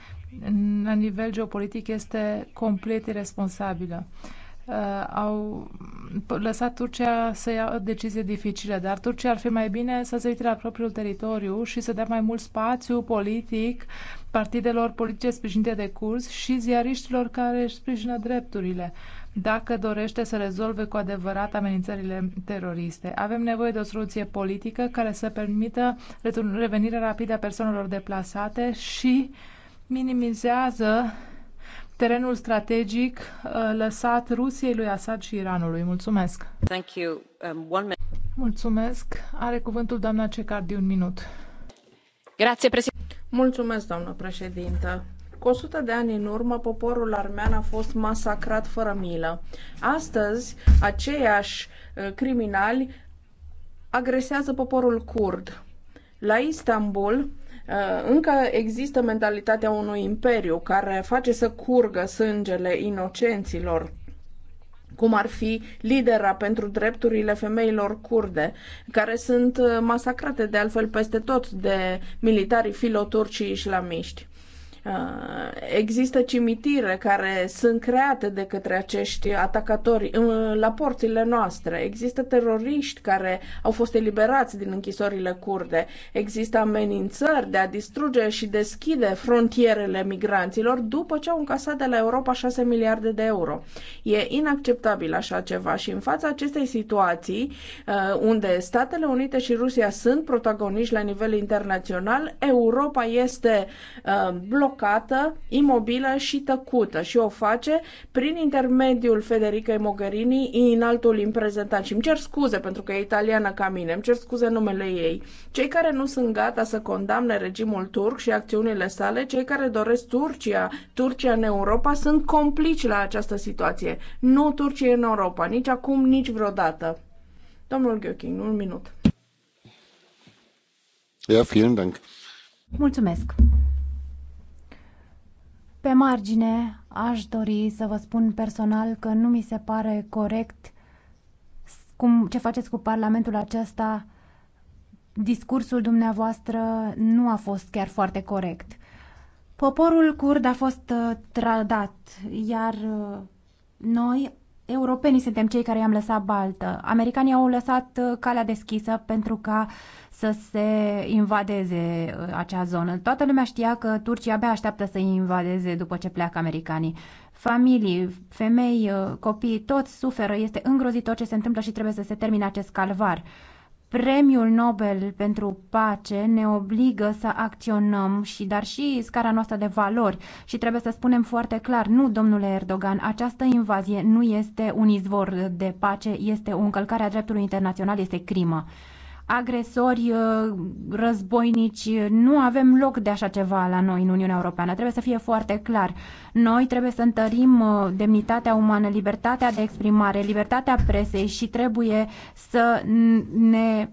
La nivel geopolitic este complet irresponsabilă. Uh, au lăsat Turcia să ia o decizie dificilă, dar Turcia ar fi mai bine să se uite la propriul teritoriu și să dea mai mult spațiu politic partidelor politice sprijinite de curs și ziariștilor care își sprijină drepturile. Uh, dacă dorește să rezolve cu adevărat amenințările teroriste. Avem nevoie de o soluție politică care să permită revenirea rapidă a persoanelor deplasate și minimizează terenul strategic uh, lăsat Rusiei, lui Assad și Iranului. Mulțumesc! Thank you. Um, one Mulțumesc! Are cuvântul doamna Cecardi un minut. Grazie, președinte. Mulțumesc, doamnă președintă. Cu 100 de ani în urmă, poporul armean a fost masacrat fără milă. Astăzi, aceiași uh, criminali agresează poporul curd. La Istanbul, uh, încă există mentalitatea unui imperiu care face să curgă sângele inocenților cum ar fi lidera pentru drepturile femeilor curde, care sunt uh, masacrate de altfel peste tot de militarii filoturcii islamiști. Uh, există cimitire care sunt create de către acești atacatori uh, la porțile noastre. Există teroriști care au fost eliberați din închisorile curde. Există amenințări de a distruge și deschide frontierele migranților după ce au încasat de la Europa 6 miliarde de euro. E inacceptabil așa ceva și în fața acestei situații uh, unde Statele Unite și Rusia sunt protagoniști la nivel internațional, Europa este blocată blocată, imobilă și tăcută și o face prin intermediul Federicăi Mogherini, în reprezentant. Și îmi cer scuze pentru că e italiană ca mine, îmi cer scuze numele ei. Cei care nu sunt gata să condamne regimul turc și acțiunile sale, cei care doresc Turcia, Turcia în Europa, sunt complici la această situație. Nu Turcia în Europa, nici acum, nici vreodată. Domnul Gheochin, un minut. Ja, vielen Dank. Mulțumesc. Pe margine, aș dori să vă spun personal că nu mi se pare corect cum, ce faceți cu Parlamentul acesta. Discursul dumneavoastră nu a fost chiar foarte corect. Poporul curd a fost uh, trădat, iar uh, noi europenii suntem cei care i-am lăsat baltă. Americanii au lăsat uh, calea deschisă pentru ca să se invadeze uh, acea zonă. Toată lumea știa că Turcia abia așteaptă să invadeze după ce pleacă americanii. Familii, femei, uh, copii, toți suferă, este îngrozitor ce se întâmplă și trebuie să se termine acest calvar. Premiul Nobel pentru pace ne obligă să acționăm și dar și scara noastră de valori și trebuie să spunem foarte clar, nu domnule Erdogan, această invazie nu este un izvor de pace, este o încălcare a dreptului internațional, este crimă agresori, uh, războinici. Nu avem loc de așa ceva la noi în Uniunea Europeană. Trebuie să fie foarte clar. Noi trebuie să întărim uh, demnitatea umană, libertatea de exprimare, libertatea presei și trebuie să ne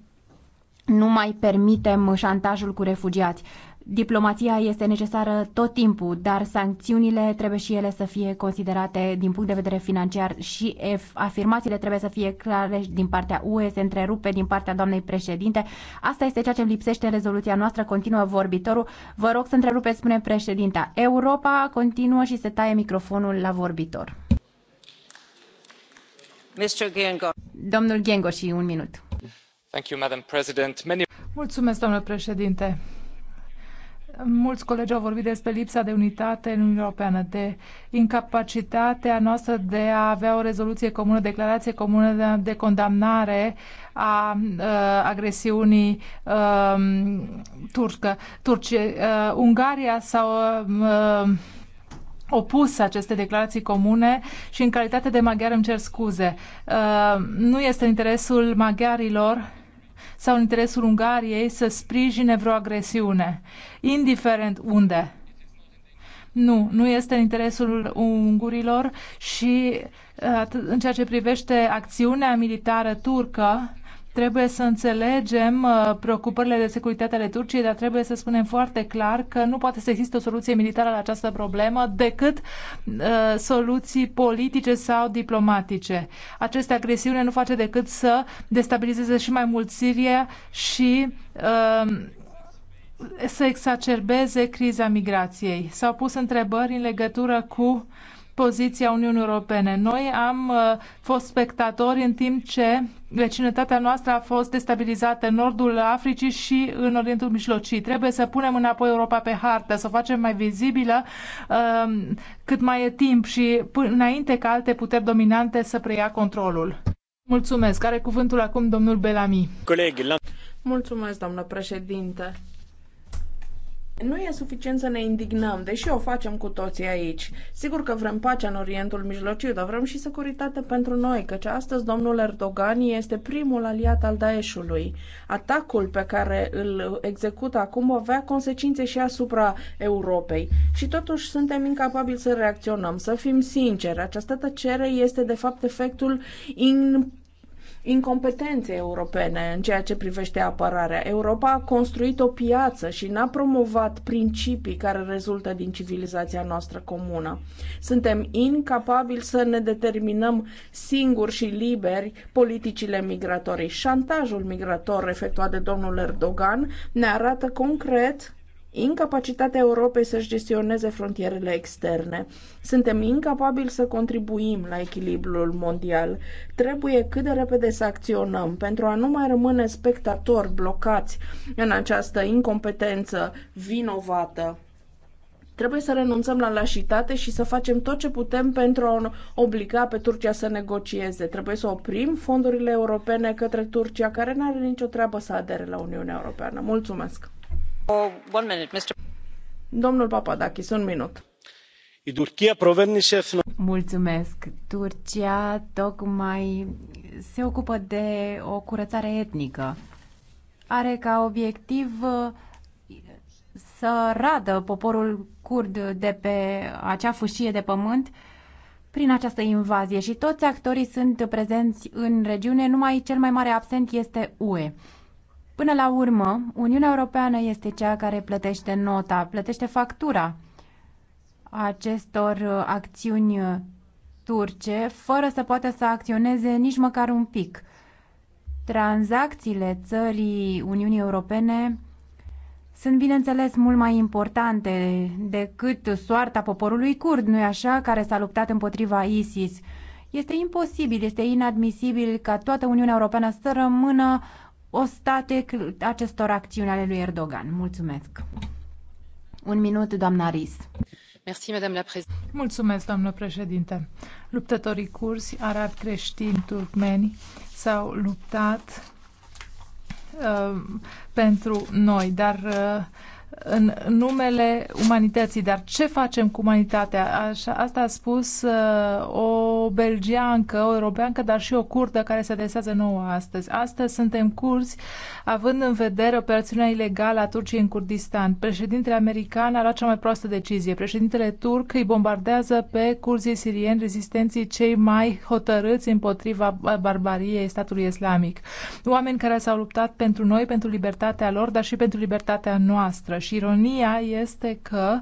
nu mai permitem șantajul cu refugiați. Diplomația este necesară tot timpul, dar sancțiunile trebuie și ele să fie considerate din punct de vedere financiar și afirmațiile trebuie să fie clare din partea UE, se întrerupe din partea doamnei președinte. Asta este ceea ce lipsește în rezoluția noastră, continuă vorbitorul. Vă rog să întrerupeți, spune președinta. Europa continuă și se taie microfonul la vorbitor. Mr. Gengo. Domnul Gengo și un minut. Thank you, Madam President. Many... Mulțumesc, domnule președinte. Mulți colegi au vorbit despre lipsa de unitate în Uniunea Europeană, de incapacitatea noastră de a avea o rezoluție comună, declarație comună de, de condamnare a uh, agresiunii uh, turcă. Turcie, uh, Ungaria sau uh, opus aceste declarații comune și în calitate de maghiar îmi cer scuze. Uh, nu este în interesul maghiarilor sau în interesul Ungariei să sprijine vreo agresiune, indiferent unde. Nu, nu este în interesul ungurilor și uh, în ceea ce privește acțiunea militară turcă, Trebuie să înțelegem uh, preocupările de securitate ale Turciei, dar trebuie să spunem foarte clar că nu poate să existe o soluție militară la această problemă decât uh, soluții politice sau diplomatice. Această agresiune nu face decât să destabilizeze și mai mult Siria și uh, să exacerbeze criza migrației. S-au pus întrebări în legătură cu uh, poziția Uniunii Europene. Noi am uh, fost spectatori în timp ce vecinătatea noastră a fost destabilizată în nordul Africii și în Orientul Mijlocii. Trebuie să punem înapoi Europa pe hartă, să o facem mai vizibilă um, cât mai e timp și înainte ca alte puteri dominante să preia controlul. Mulțumesc. Are cuvântul acum domnul Bellamy. Coleg, la... Mulțumesc, doamnă președinte nu e suficient să ne indignăm, deși o facem cu toții aici. Sigur că vrem pacea în Orientul Mijlociu, dar vrem și securitate pentru noi, căci astăzi domnul Erdogan este primul aliat al Daeshului. Atacul pe care îl execută acum avea consecințe și asupra Europei. Și totuși suntem incapabili să reacționăm, să fim sinceri. Această tăcere este de fapt efectul in Incompetențe europene în ceea ce privește apărarea. Europa a construit o piață și n-a promovat principii care rezultă din civilizația noastră comună. Suntem incapabili să ne determinăm singuri și liberi politicile migratorii. Șantajul migrator efectuat de domnul Erdogan ne arată concret incapacitatea Europei să-și gestioneze frontierele externe. Suntem incapabili să contribuim la echilibrul mondial. Trebuie cât de repede să acționăm pentru a nu mai rămâne spectatori blocați în această incompetență vinovată. Trebuie să renunțăm la lașitate și să facem tot ce putem pentru a obliga pe Turcia să negocieze. Trebuie să oprim fondurile europene către Turcia, care nu are nicio treabă să adere la Uniunea Europeană. Mulțumesc! Domnul Papadakis, un minut. Mulțumesc. Turcia tocmai se ocupă de o curățare etnică. Are ca obiectiv uh, să radă poporul curd de pe acea fâșie de pământ prin această invazie și toți actorii sunt prezenți în regiune, numai cel mai mare absent este UE. Până la urmă, Uniunea Europeană este cea care plătește nota, plătește factura acestor uh, acțiuni uh, turce, fără să poată să acționeze nici măcar un pic. Tranzacțiile țării Uniunii Europene sunt, bineînțeles, mult mai importante decât soarta poporului curd, nu-i așa, care s-a luptat împotriva ISIS. Este imposibil, este inadmisibil ca toată Uniunea Europeană să rămână uh, ostate acestor acțiuni ale lui Erdogan. Mulțumesc! Un minut, doamna Ris. Mulțumesc, doamnă președinte. Luptătorii cursi, arabi, creștini, turcmeni s-au luptat uh, pentru noi, dar uh, în numele umanității. Dar ce facem cu umanitatea? Așa, asta a spus uh, o belgiancă, o europeancă, dar și o curdă care se adresează nouă astăzi. Astăzi suntem curzi, având în vedere operațiunea ilegală a Turciei în Kurdistan. Președintele american a luat cea mai proastă decizie. Președintele turc îi bombardează pe curzii sirieni, rezistenții cei mai hotărâți împotriva barbariei statului islamic. Oameni care s-au luptat pentru noi, pentru libertatea lor, dar și pentru libertatea noastră și ironia este că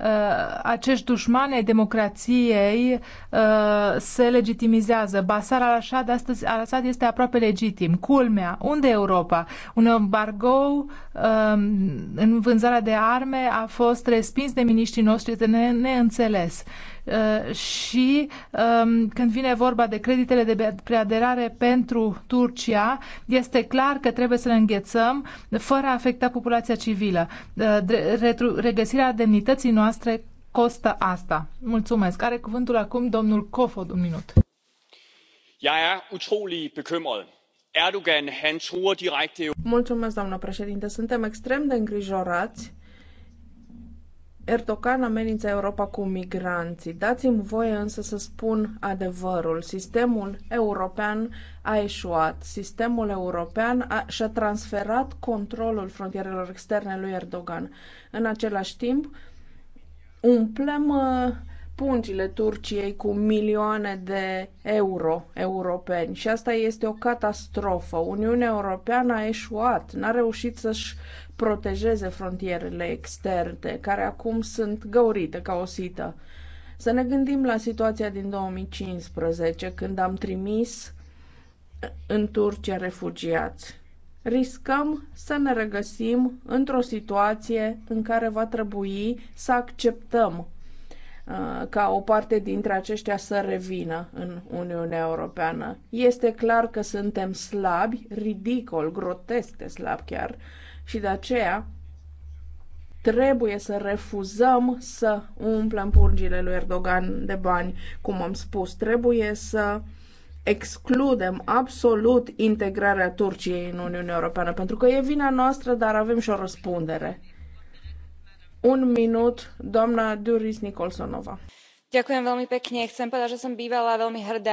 Uh, acești dușmani ai democrației uh, se legitimizează. Basar al-Assad astăzi al -Assad este aproape legitim. Culmea, unde Europa? Un embargo uh, în vânzarea de arme a fost respins de miniștrii noștri, de ne neînțeles. Uh, și um, când vine vorba de creditele de preaderare pentru Turcia, este clar că trebuie să le înghețăm fără a afecta populația civilă. Uh, regăsirea demnității noastre costă asta. Mulțumesc. Are cuvântul acum domnul Kofod un minut. Er Erdogan, Mulțumesc, doamnă președinte. Suntem extrem de îngrijorați Erdogan amenință Europa cu migranții. Dați-mi voie însă să spun adevărul. Sistemul european a eșuat. Sistemul european a, și-a transferat controlul frontierelor externe lui Erdogan. În același timp, umplem uh, pungile Turciei cu milioane de euro europeni și asta este o catastrofă. Uniunea Europeană a eșuat, n-a reușit să-și protejeze frontierele externe, care acum sunt găurite ca o sită. Să ne gândim la situația din 2015, când am trimis în Turcia refugiați. Riscăm să ne regăsim într-o situație în care va trebui să acceptăm Uh, ca o parte dintre aceștia să revină în Uniunea Europeană. Este clar că suntem slabi, ridicol, grotesc de slab chiar, și de aceea trebuie să refuzăm să umplem purgile lui Erdogan de bani, cum am spus. Trebuie să excludem absolut integrarea Turciei în Uniunea Europeană, pentru că e vina noastră, dar avem și o răspundere. Un minut,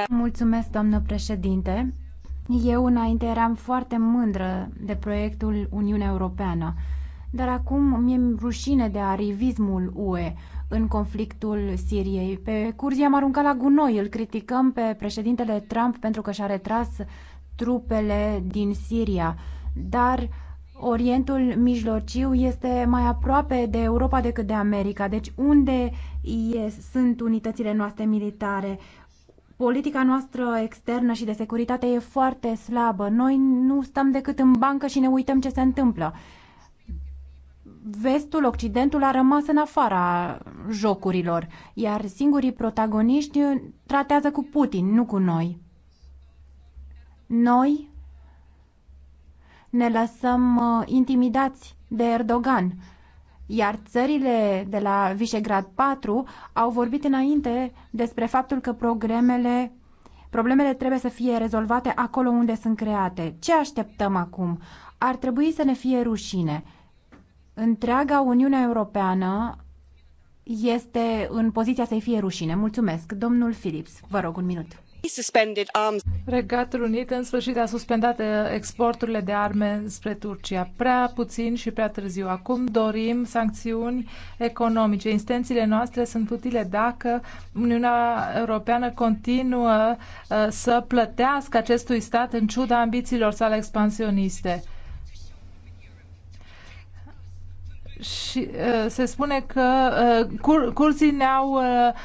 Mulțumesc, doamnă președinte. Eu înainte eram foarte mândră de proiectul Uniunea Europeană, dar acum mi-e rușine de arivismul UE în conflictul Siriei. Pe i am aruncat la gunoi, îl criticăm pe președintele Trump pentru că și-a retras trupele din Siria, dar Orientul Mijlociu este mai aproape de Europa decât de America. Deci unde e, sunt unitățile noastre militare? Politica noastră externă și de securitate e foarte slabă. Noi nu stăm decât în bancă și ne uităm ce se întâmplă. Vestul, Occidentul a rămas în afara jocurilor, iar singurii protagoniști tratează cu Putin, nu cu noi. Noi ne lăsăm uh, intimidați de Erdogan. Iar țările de la Visegrad 4 au vorbit înainte despre faptul că programele Problemele trebuie să fie rezolvate acolo unde sunt create. Ce așteptăm acum? Ar trebui să ne fie rușine. Întreaga Uniune Europeană este în poziția să-i fie rușine. Mulțumesc. Domnul Philips, vă rog un minut. Regatul Unit în sfârșit a suspendat uh, exporturile de arme spre Turcia. Prea puțin și prea târziu. Acum dorim sancțiuni economice. Instențiile noastre sunt utile dacă Uniunea Europeană continuă uh, să plătească acestui stat în ciuda ambițiilor sale expansioniste și uh, se spune că uh, cur- curții ne-au uh,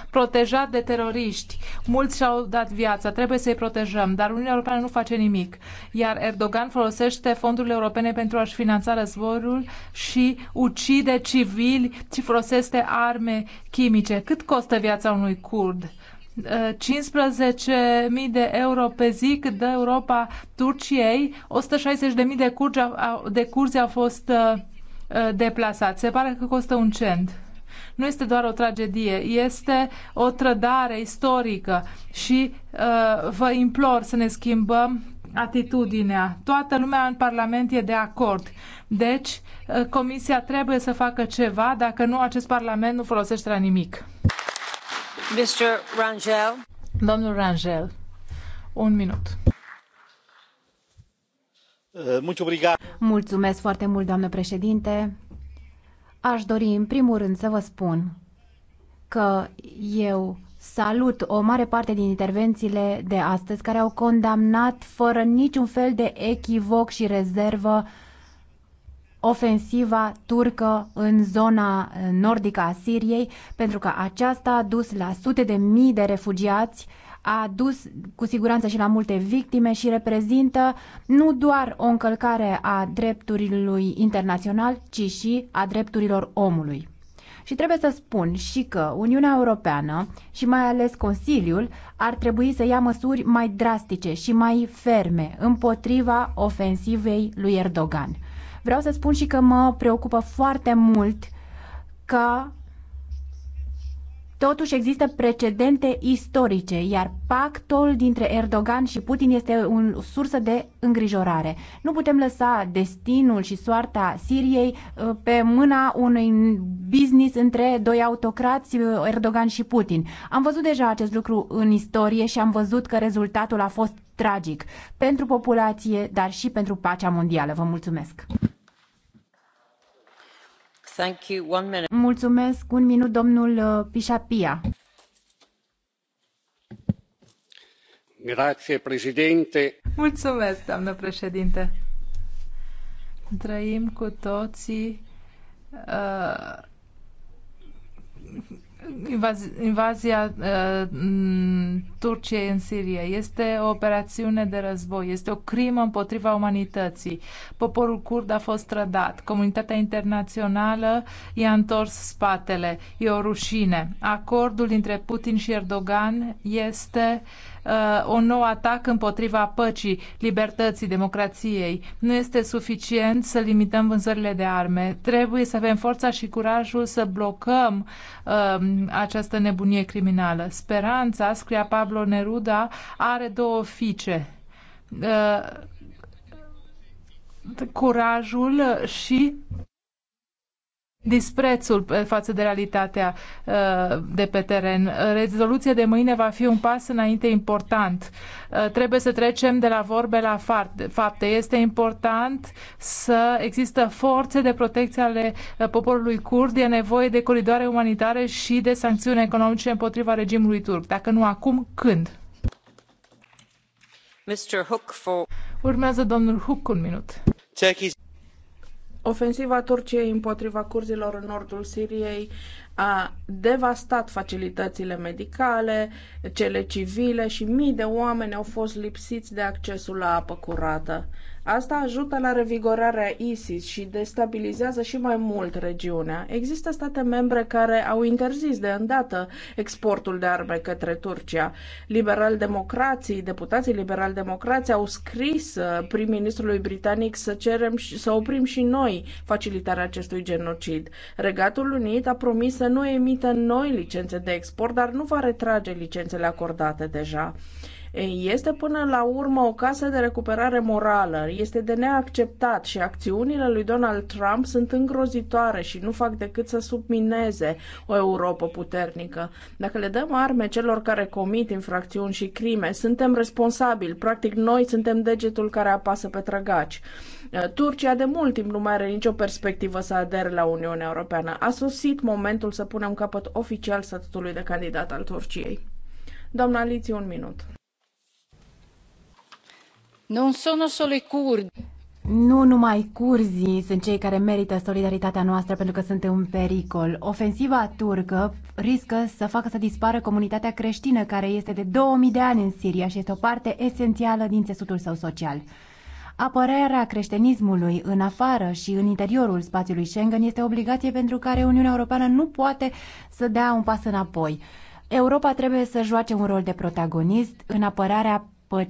protejat de teroriști. Mulți și-au dat viața, trebuie să-i protejăm, dar Uniunea Europeană nu face nimic. Iar Erdogan folosește fondurile europene pentru a-și finanța războiul și ucide civili și folosește arme chimice. Cât costă viața unui curd? 15.000 uh, de euro pe zi cât dă Europa Turciei, 160.000 de curzi, de curzi au fost uh, Uh, deplasat. Se pare că costă un cent. Nu este doar o tragedie, este o trădare istorică și uh, vă implor să ne schimbăm atitudinea. Toată lumea în Parlament e de acord. Deci, uh, Comisia trebuie să facă ceva, dacă nu, acest Parlament nu folosește la nimic. Mr. Rangel. Domnul Rangel, un minut. Eh, Mulțumesc foarte mult, doamnă președinte. Aș dori, în primul rând, să vă spun că eu salut o mare parte din intervențiile de astăzi care au condamnat fără niciun fel de echivoc și rezervă ofensiva turcă în zona eh, nordică a Siriei, pentru că aceasta a dus la sute de mii de refugiați a dus cu siguranță și la multe victime și reprezintă nu doar o încălcare a drepturilor internațional, ci și a drepturilor omului. Și trebuie să spun și că Uniunea Europeană și mai ales Consiliul ar trebui să ia măsuri mai drastice și mai ferme împotriva ofensivei lui Erdogan. Vreau să spun și că mă preocupă foarte mult că Totuși există precedente istorice, iar pactul dintre Erdogan și Putin este o sursă de îngrijorare. Nu putem lăsa destinul și soarta Siriei uh, pe mâna unui business între doi autocrați, uh, Erdogan și Putin. Am văzut deja acest lucru în istorie și am văzut că rezultatul a fost tragic pentru populație, dar și pentru pacea mondială. Vă mulțumesc! Mulțumesc. Un minut, domnul uh, Mulțumesc, doamnă președinte. Trăim cu toții uh, invaz invazia uh, mm, Turciei în Siria este o operațiune de război, este o crimă împotriva umanității. Poporul curd a fost trădat, comunitatea internațională i-a întors spatele, e o rușine. Acordul dintre Putin și Erdogan este uh, uh, un nou atac împotriva păcii, libertății, democrației. Nu este suficient să limităm vânzările de arme. Trebuie să avem forța și curajul să blocăm uh, această nebunie criminală. Speranța, scria Pablo Neruda, are două fiice. Uh, curajul și disprețul eh, față de realitatea eh, de pe teren. Rezoluția de mâine va fi un pas înainte important. Eh, trebuie să trecem de la vorbe la fapte. Este important să există forțe de protecție ale poporului kurd. E nevoie de coridoare umanitare și de sancțiuni economice împotriva regimului turc. Dacă nu acum, când? Mr. Hook for... Urmează domnul Hook un minut. Turkey's... Ofensiva Turciei împotriva curzilor în nordul Siriei a devastat facilitățile medicale, cele civile și mii de oameni au fost lipsiți de accesul la apă curată. Asta ajută la revigorarea ISIS și destabilizează și mai mult regiunea. Există state membre care au interzis de îndată exportul de arme către Turcia. Liberal-democrații, deputații liberal democrații au scris uh, prim-ministrului britanic să cerem și să oprim și noi facilitarea acestui genocid. Regatul Unit a promis să nu emită noi licențe de export, dar nu va retrage licențele acordate deja. Este până la urmă o casă de recuperare morală. Este de neacceptat și acțiunile lui Donald Trump sunt îngrozitoare și nu fac decât să submineze o Europa puternică. Dacă le dăm arme celor care comit infracțiuni și crime, suntem responsabili. Practic, noi suntem degetul care apasă pe trăgaci. Uh, Turcia de mult timp nu mai are nicio perspectivă să adere la Uniunea Europeană. A sosit momentul să punem capăt oficial statutului de candidat al Turciei. Doamna Liții, un minut. Non sono solo i curdi. Nu numai curzii sunt cei care merită solidaritatea noastră pentru că sunt un pericol. Ofensiva turcă riscă să facă să dispară comunitatea creștină care este de 2000 de ani în Siria și este o parte esențială din țesutul său social. Apărarea creștinismului în afară și în interiorul spațiului Schengen este obligație pentru care Uniunea Europeană nu poate să dea un pas înapoi. Europa trebuie să joace un rol de protagonist în apărarea păcii